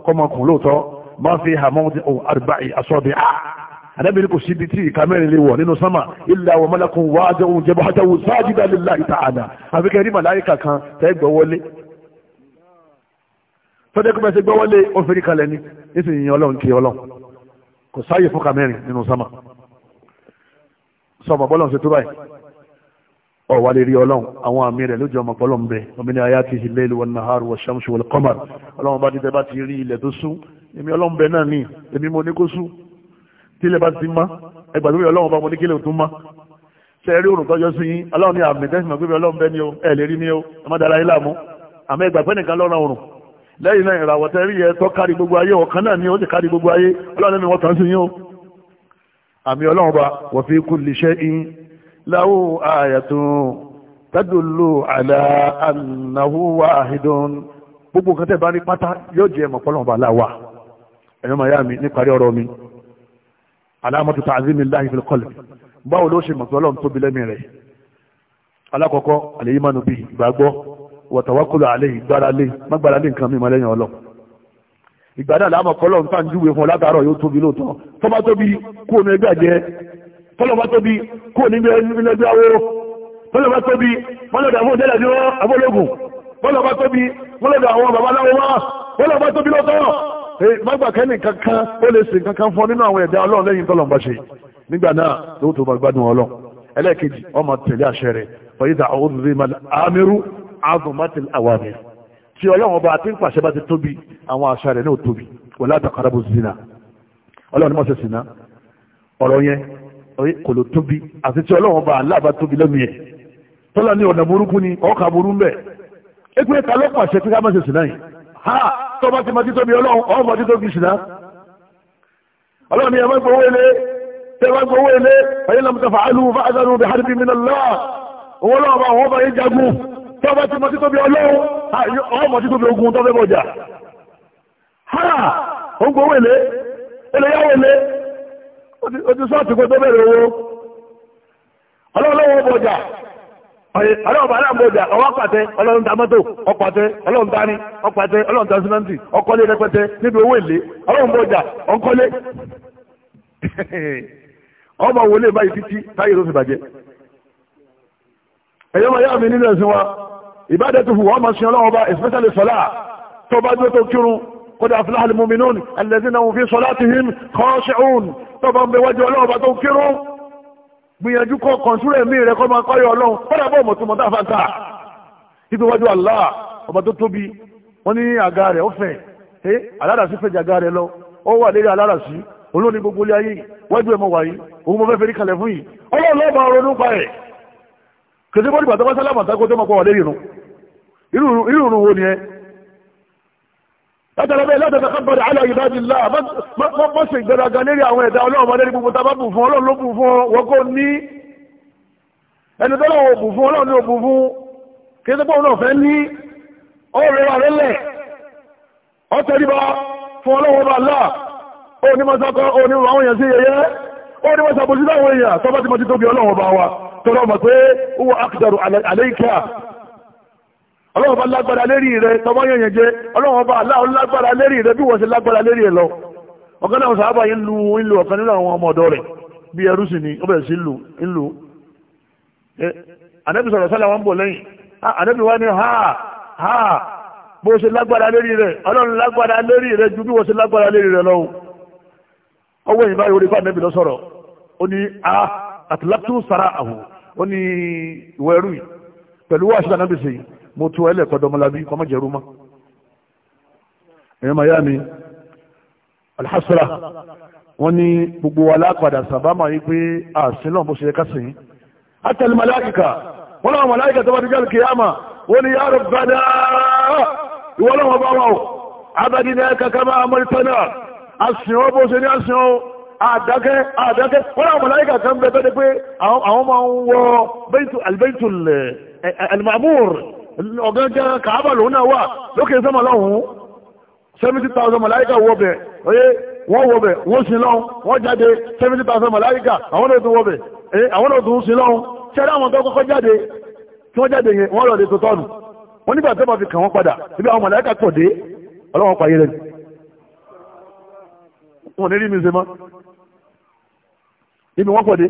[SPEAKER 1] kọ́mọkùn lóòótọ́ máa fi hàmọ́ ọdún àrùbáyé asọ́bí a anábìrin kò síbi tí ìka mẹ́rin lè wọ̀ nínú sánmà ilẹ̀ àwọn mọ́lákùn wà ájọ́hun jẹ́ bájáwò sáájúdá lillahi ta'ala àfikẹ́ rí màláìkà kan tẹ́ gbọ́wọ́lé tọ́jẹ́ kí mẹ́sẹ̀ gbọ́wọ́lé ó fi rí kalẹ̀ ní nísìnyí ọlọ́run kí ọlọ́run kò sáàyè fún kàmẹ́rin nínú sánmà sọmọ bọ́lọ̀ ṣe tó báyìí ọ̀wà lè rí ọlọ́run àwọn àmì rẹ̀ lójú ọmọ pọ́lọ̀ ń bẹ ọmọdé ayá ti ṣe lẹ́lu wọn náà rú ọ̀ṣamṣu wal qamar ọlọ́run bá ti tẹ́ bá ti rí ilẹ̀ tó sún èmi ọlọ́run bẹ náà ní èmi mo ní kó sún tílé bá ti má ẹgbà tó bí ọlọ́run bá mo ní kílé òtún má ṣe rí òrùn tọ́jọ́ sí yín ọlọ́run ní àmì tẹ́sí mọ̀ pé ọlọ́run bẹ́ o ẹ̀ lè rí ni o ẹ má dára yín láàmú àmọ́ ẹgbà pẹ́ nìkan lọ́ràn òrùn lẹ́yìn náà ìràwọ̀ tẹ́ yẹ tọ́ kárí gbogbo ayé ọ̀kan náà ni ó ti kárí gbogbo ayé ọlọ́run ní wọ́n tàn sí yín o àmì ọlọ́run bá wọ́n fi kulli shay'in lahu ayatun tadullu ala annahu wahidun gbogbo nǹkan tẹ́ bá ní pátá yóò jẹ́ mọ̀pọ́lọ́run ẹ̀yọ́ màyá níparí ọ̀rọ̀ mi alámọ́tò tààzímì láàyè fi kọ́lẹ̀ báwo ló ṣe mọ̀tọ́lọ́ tóbi lẹ́mí rẹ̀ alákọ̀ọ́kọ́ àlèyímánu bíi ìgbàgbọ́ wọ̀tàwákùlọ̀ àlè ìgbáralé mágbáralé nǹkan mímọ́ lẹ́yìn ọlọ́ ìgbàdà làwọn ọkọlọ ń tàn júwe fún látàárọ̀ yóò tóbi lóòótọ́ tọ́ba tóbi kú ònú ẹgbẹ́ àjẹ́ tọ́lọ́ba tóbi kú òní ẹgbẹ́ awo tọ́lọ́ba tóbi mọ́lọ́dà fún òtẹ́lẹ̀ ní wọ́n abọ́lógún tọ́lọ́ba tóbi mọ́lọ́dà àwọn babaláwo wá tọ́lọ́ba tóbi lóòótọ́ gbàgbà kẹ́ni kankan ó lè sìn kankan fún ọ nínú àwọn ẹ̀dá ọlọ́run lẹ́yìn tọ́lọ̀ bá ṣe nígbà náà ló tó máa gbádùn ọlọ́run ẹlẹ́ẹ̀kejì ọmọ tẹ̀lé àṣẹ rẹ̀ fọyíta ọ̀húnrún ìmọ̀ àmírú azumatil awami tí ọlọ́run ọba àti pàṣẹ bá ti tóbi àwọn àṣà rẹ̀ náà tóbi wọ́n láti karabu zina ọlọ́run ni wọ́n ṣe sìnà ọ̀rọ̀ yẹn kò ló tóbi àti tí ọlọ́run ọba aláàbá tóbi lẹ́nu yẹn tọ́lá ní ọ̀nà burúkú ni ọkà burú ń bẹ̀ é ta ló pàṣẹ pé ká má ṣe sìnà yìí ha tó bá ti mọ títóbi ọlọ́run ọ̀ mọ títóbi ṣìnà ọlọ́run ni ẹ má gbowó ilé tẹ bá gbowó ilé ẹ̀yìn lọ́mọ tó fàálù fàázánù bí hàrìbí mi lọ́lá owó lọ́wọ́ bá wọ́n bá yé jagun tó bá ti mọ títóbi ọlọ́run ọ̀ mọ títóbi ogun ọlọ́ọ̀bà aláàmọ́dà ọwọ́ pàtẹ ọlọ́run ta mọ́tò ọpàtẹ ọlọ́run ta ní ọpàtẹ ọlọ́run ta símẹ́ǹtì ọkọ́lé rẹpẹtẹ níbi owó èlé ọlọ́run mọ́dà ọkọ́lé ọmọ wọlé báyìí títí táyé ló fi bàjẹ́ ẹ̀yọ́ máa yá mi nínú ẹ̀sìn wa ìbádẹ́ tó fún wọn máa sin ọlọ́run ọba especially sọlá tó bá dúró tó kírun kódà afúláhàlì mọ́mìnún alladhina hum fi salatihim khashi'un tó bá ń bẹ wájú ọlọ́run gbìyànjú kọ́ kọ̀nsúrẹ̀ mi rẹ̀ kọ́ máa kọ́yọ̀ ọlọ́run fọ́dà bọ́ ọmọ̀tún mọ̀tà fàǹtà títúwájú Allah ọmọ tó tóbi wọ́n ní àga rẹ̀ ó fẹ̀ ẹ́ rẹ̀ lọ ó wà lérí aládàsí olóòní gbogbo ilé ayé wájú ẹ̀ mọ̀ wáyé òun fẹ́ fẹ́ rí kalẹ̀ fún yìí ọlọ́run látàlẹ́bẹ̀ látàtàkọ́bọ̀dẹ̀ aláìbájìlá mọ́sí ìgbẹ̀rẹ̀gà lérí àwọn ẹ̀dà ọlọ́run mọ́lẹ́rí gbogbo tàbá bù fún ọlọ́run ló bù fún wọ́kó ní ẹni tọ́lọ́run ò bù fún ọlọ́run ló bù fún kéèkéèpọ̀ náà fẹ́ ní ọ̀rẹ́ rẹ̀ lẹ̀ ọ́tẹ̀ríba fún ọlọ́run bá láà ó ní mọ́sákọ́ ó ní àwọn èèyàn sí yẹyẹ ó ní mọ́sàbòsí láwọn èèyàn tọ́bá ti mọ́ ti tóbi ọlọ́run bá ọlọ́wọ́ bá lágbára lérí rẹ̀ tọmọ yẹnyẹn jẹ́ ọlọ́wọ́ bá aláwọ̀ lágbára lérí rẹ̀ bí wọ́n ṣe lágbára lérí ẹ̀ lọ ọ̀kan náà sábà yín lu ìlú ọ̀kan nínú àwọn ọmọ ọ̀dọ́ rẹ̀ bí ẹrú sì ni ó bẹ̀rẹ̀ sí ìlú ìlú ànẹ́bí sọ̀rọ̀ sálà wọn bọ̀ lẹ́yìn ànẹ́bí wa ni ha ha bó ṣe lágbára lérí rẹ̀ ọlọ́run lágbára lérí rẹ̀ ju bí wọ́n ṣe lágbára lérí rẹ̀ lọ́wọ́ ọwọ́ yìí báyìí orí fáànẹ́bí lọ mo tún ẹlẹ́kọ́ dọmọlábí kọ́ mọ́jẹ̀rú mọ́ ẹ̀yọ́ miami alhassara wọ́n ní gbogbo alápadà sàbámà yí pé àṣín náà bó ṣe kásìn àtẹlẹ màláìkà wọ́n láwọn màláìkà tó bá ti jáde kìyàmà wọ́n ní yàrá bàdà ìwọ́n láwọn bá wà ó abadi náà kàkà máa mọ́ ìtọ́nà bó ṣe ní àṣìn àdákẹ́ àdákẹ́ wọ́n láwọn màláìkà kan bẹ́ẹ̀ bẹ́ẹ̀ pé àwọn máa ń wọ ọ̀gángan kàábà lòun náà wà lókè sọ́mọ lọ́hùn-ún seventy thousand màláìkà wọ bẹ̀ oyè wọ́n wọ bẹ̀ wọ́n sin lọ́hùn wọ́n jáde seventy thousand màláìkà àwọn náà tún wọ bẹ̀ àwọn náà tún sin lọ́hùn ṣẹ́rí àwọn tó kọ́kọ́ jáde tí wọ́n jáde yẹn wọ́n lọ de tuntun wọ́n nígbà tó bá fi kàn wọ́n padà ibi àwọn màláìkà tọ̀ dé ọlọ́wọ́n pa yẹlẹ wọn ní rí mi ṣe mọ́ ibi wọ́n pọ̀ dé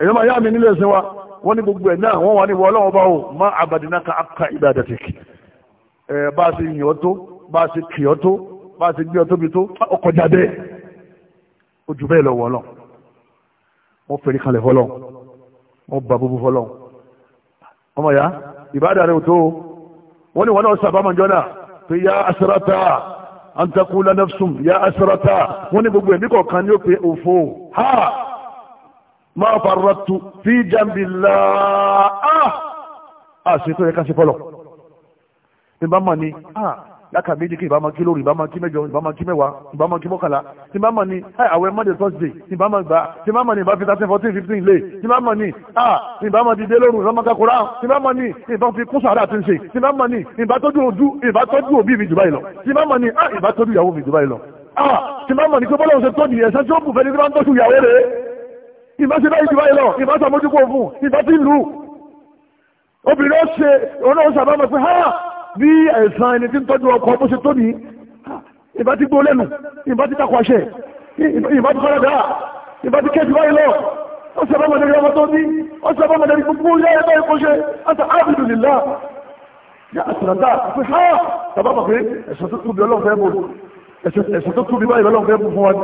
[SPEAKER 1] èyí máa yá mi nílé ẹ̀sìn wa wọ́n ní gbogbo ẹ̀ náà wọ́n wà ní ìwọ ọlọ́wọ́ bá o má àbàdínàkà àkà ìbàdàtìk ẹ̀ bá a ṣe yìn ọ́ tó bá a ṣe kì ọ́ tó bá a ṣe gbé ọ́ tóbi tó ọkọ̀ jáde ó bẹ́ẹ̀ lọ wọ́ lọ wọ́n fèrè kalẹ̀ fọlọ́ wọ́n ba búbú fọlọ́ ọmọ ya ìbádà rẹ̀ tó wọ́n ní wọn náà sàbámanjọ́ náà pé yá asirata antakula yá asirata wọ́n ní gbogbo ẹ̀mí ma farratu fi jambillah a ṣe tó yẹ ká ṣe fọ́lọ̀ ní bá mọ̀ ní láka méjì kí ìbámu kí lórí ìbámu kí mẹ́jọ ìbámu kí mẹ́wàá ìbámu kí mọ́kànlá tí bá mọ̀ ní àwẹ̀ monday thursday tí bá mọ̀ gbà tí bá mọ̀ ní ìbámu thirteen fourteen fifteen lé tí bá mọ̀ ní ìbámu dìde ma ìbámu kakura tí bá mọ̀ ní ìbámu fi kún sàrà àti ṣe tí bá mọ̀ ní ìbátọ́jú ojú ìbátọ́jú òbí mi jù báyìí lọ tí bá mọ̀ ní ìbátọ́jú ìyàwó mi jù báyìí lọ tí bá mọ̀ ní pé bọ́lá ìbá ṣe báyìí jù báyìí lọ ìbá ṣàmójúkò fún ìbá ti lù obìnrin ó ṣe òun náà ṣàbámọ̀ pé ha bí ẹ̀sán ẹni tí ń tọ́jú ọkọ bó ṣe tó ní ìbá ti gbó lẹ́nu ìbá ti takọ̀ àṣẹ ìbá ti fọ́nà dáa ìbá ti kẹ́jú báyìí lọ ó ṣàbámọ̀ lórí ọmọ tó ní ó ṣàbámọ̀ lórí gbogbo ilé ẹgbẹ́ ìkó ṣe àti ábìlù nìlá ya àtàndà pé ha ṣàbámọ̀ pé ẹ̀sán tó tóbi ọlọ́fẹ́ bò ẹ̀sán tó tóbi báyìí ọlọ́fẹ́ bò fún wa ní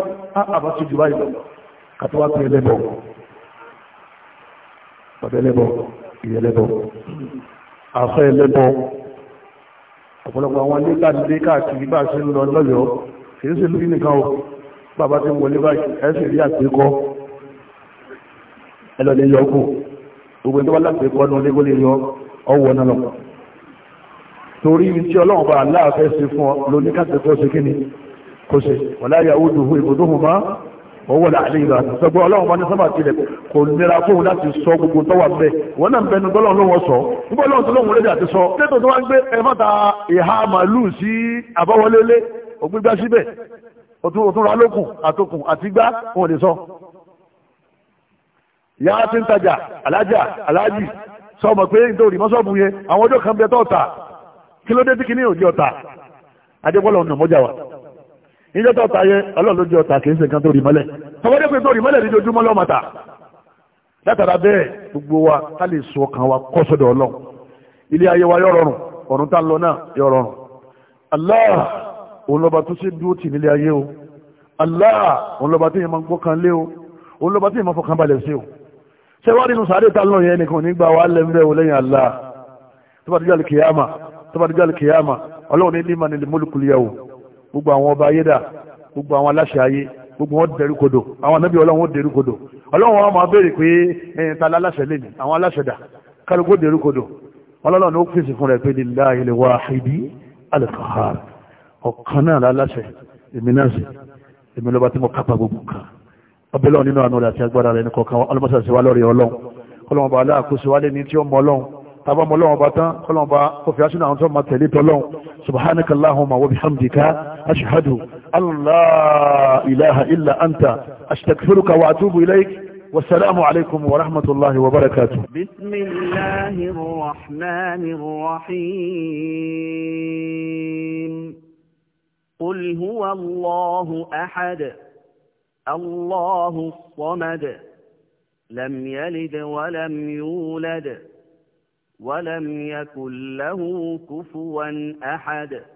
[SPEAKER 1] àbá tó jù báyìí lọ àtúwà pé ẹlẹ́bọ̀ ọ̀dẹ́ ẹlẹ́bọ̀ ìyẹlẹ́bọ̀ àfẹ́ ẹlẹ́bọ̀ ọ̀pọ̀lọpọ̀ àwọn nígbà nílé káàkiri bá ṣe ń lọ lọ́yọ̀ọ́ kìí sí lórí nìkan o bàbá tí ń wọlé báyìí ẹ̀sìn rí àpékọ́ ẹlọ́lẹ̀ yọ kù gbogbo tó wá lápékọ́ ní olégólé yọ ọwọ́ náà lọ torí tí ọlọ́run bá aláàfẹ́ sí fún ọ lóníkàtẹ́kọ́ sí kíni kò sí wọ́n láyà ó dùn fún ibùdó ọwọ́ làálẹ́ ìlú àti sọ́gbọ́ ọlọ́run bá ní sábà tilẹ̀ kò nira fóun láti sọ gbogbo tọ́wà bẹ́ẹ̀ wọn náà bẹnu tọ́lọ́run ló wọ́n sọ nígbà ọlọ́run tó lóun rẹ́dí àti sọ tẹ́tọ̀ tó wá ń gbé ẹ̀fọ́ta ìhà màlúù sí àbáwọlélé ògbígbá síbẹ̀ òtún ra lókun àtòkùn àti gbá wọn ò lè sọ. ìyá ti ń tajà alájà aláàjì sọ mọ̀ pé nítorí mọ́sọ́ọ̀bù yẹn àwọn ọjọ́ kan bẹ tọ́ọ̀ta kí níjọ́ tó ta yẹ ọlọ́run lójú ọ̀tà kì í ṣe nǹkan tó rí mọ́lẹ̀ tọwọ́dé pé tó rí mọ́lẹ̀ níjọ́ ojúmọ́ lọ́mọ ta látara bẹ́ẹ̀ gbogbo wa ká lè sọ ọkàn wa kọ́ sọ́dọ̀ ọlọ́run ilé ayé wa yóò rọrùn ọ̀run tá ń lọ náà yóò rọrùn Allah òun lọ́ba tó ṣe dúró tì nílé ayé o Allah òun lọ́ba tó yẹ máa ń gbọ́ kan lé o òun lọ́ba tó yẹ máa fọkàn balẹ̀ sí o ṣé wàá nínú sàárè tá ń lọ yẹn nìkan nígbà wa lẹ́ńbẹ́ Allah tó bá dúdú ọlọ́run ní ní ìmọ̀ nílẹ̀ mọ́lùkùlù yà o gbogbo àwọn ọba ayédà gbogbo àwọn aláṣẹ ayé gbogbo wọn dẹrú kodò àwọn anábì ọlọ́run ó dẹrú kodò ọlọ́run wọn máa béèrè pé ẹ̀yìn ta láláṣẹ lè ní àwọn aláṣẹ dà kálukó dẹrú kodò ọlọ́run ó pèsè fún rẹ̀ pé lillahi al-wahidi al-qahhar ọ̀kan náà láláṣẹ èmi náà sì èmi lọ́ba tí mo kápá gbogbo kan ọbẹ̀ lọ́run nínú àánú rẹ̀ àti agbára rẹ̀ nìkan kan ọlọ́mọṣàṣẹ́wá tàbá mọ́ lọ́wọ́ bá tán kọ́lọ́wọ́ bá kó fi aṣínà àwọn tó ma tẹ̀lé tọ́lọ́wọ́ subhanaka allahumma wa bihamdika ashhadu an ilaha illa anta astaghfiruka wa atubu ilayk والسلام عليكم ورحمة الله وبركاته بسم الله الرحمن الرحيم قل هو الله أحد الله الصمد لم يلد ولم يولد ولم يكن له كفوا أحد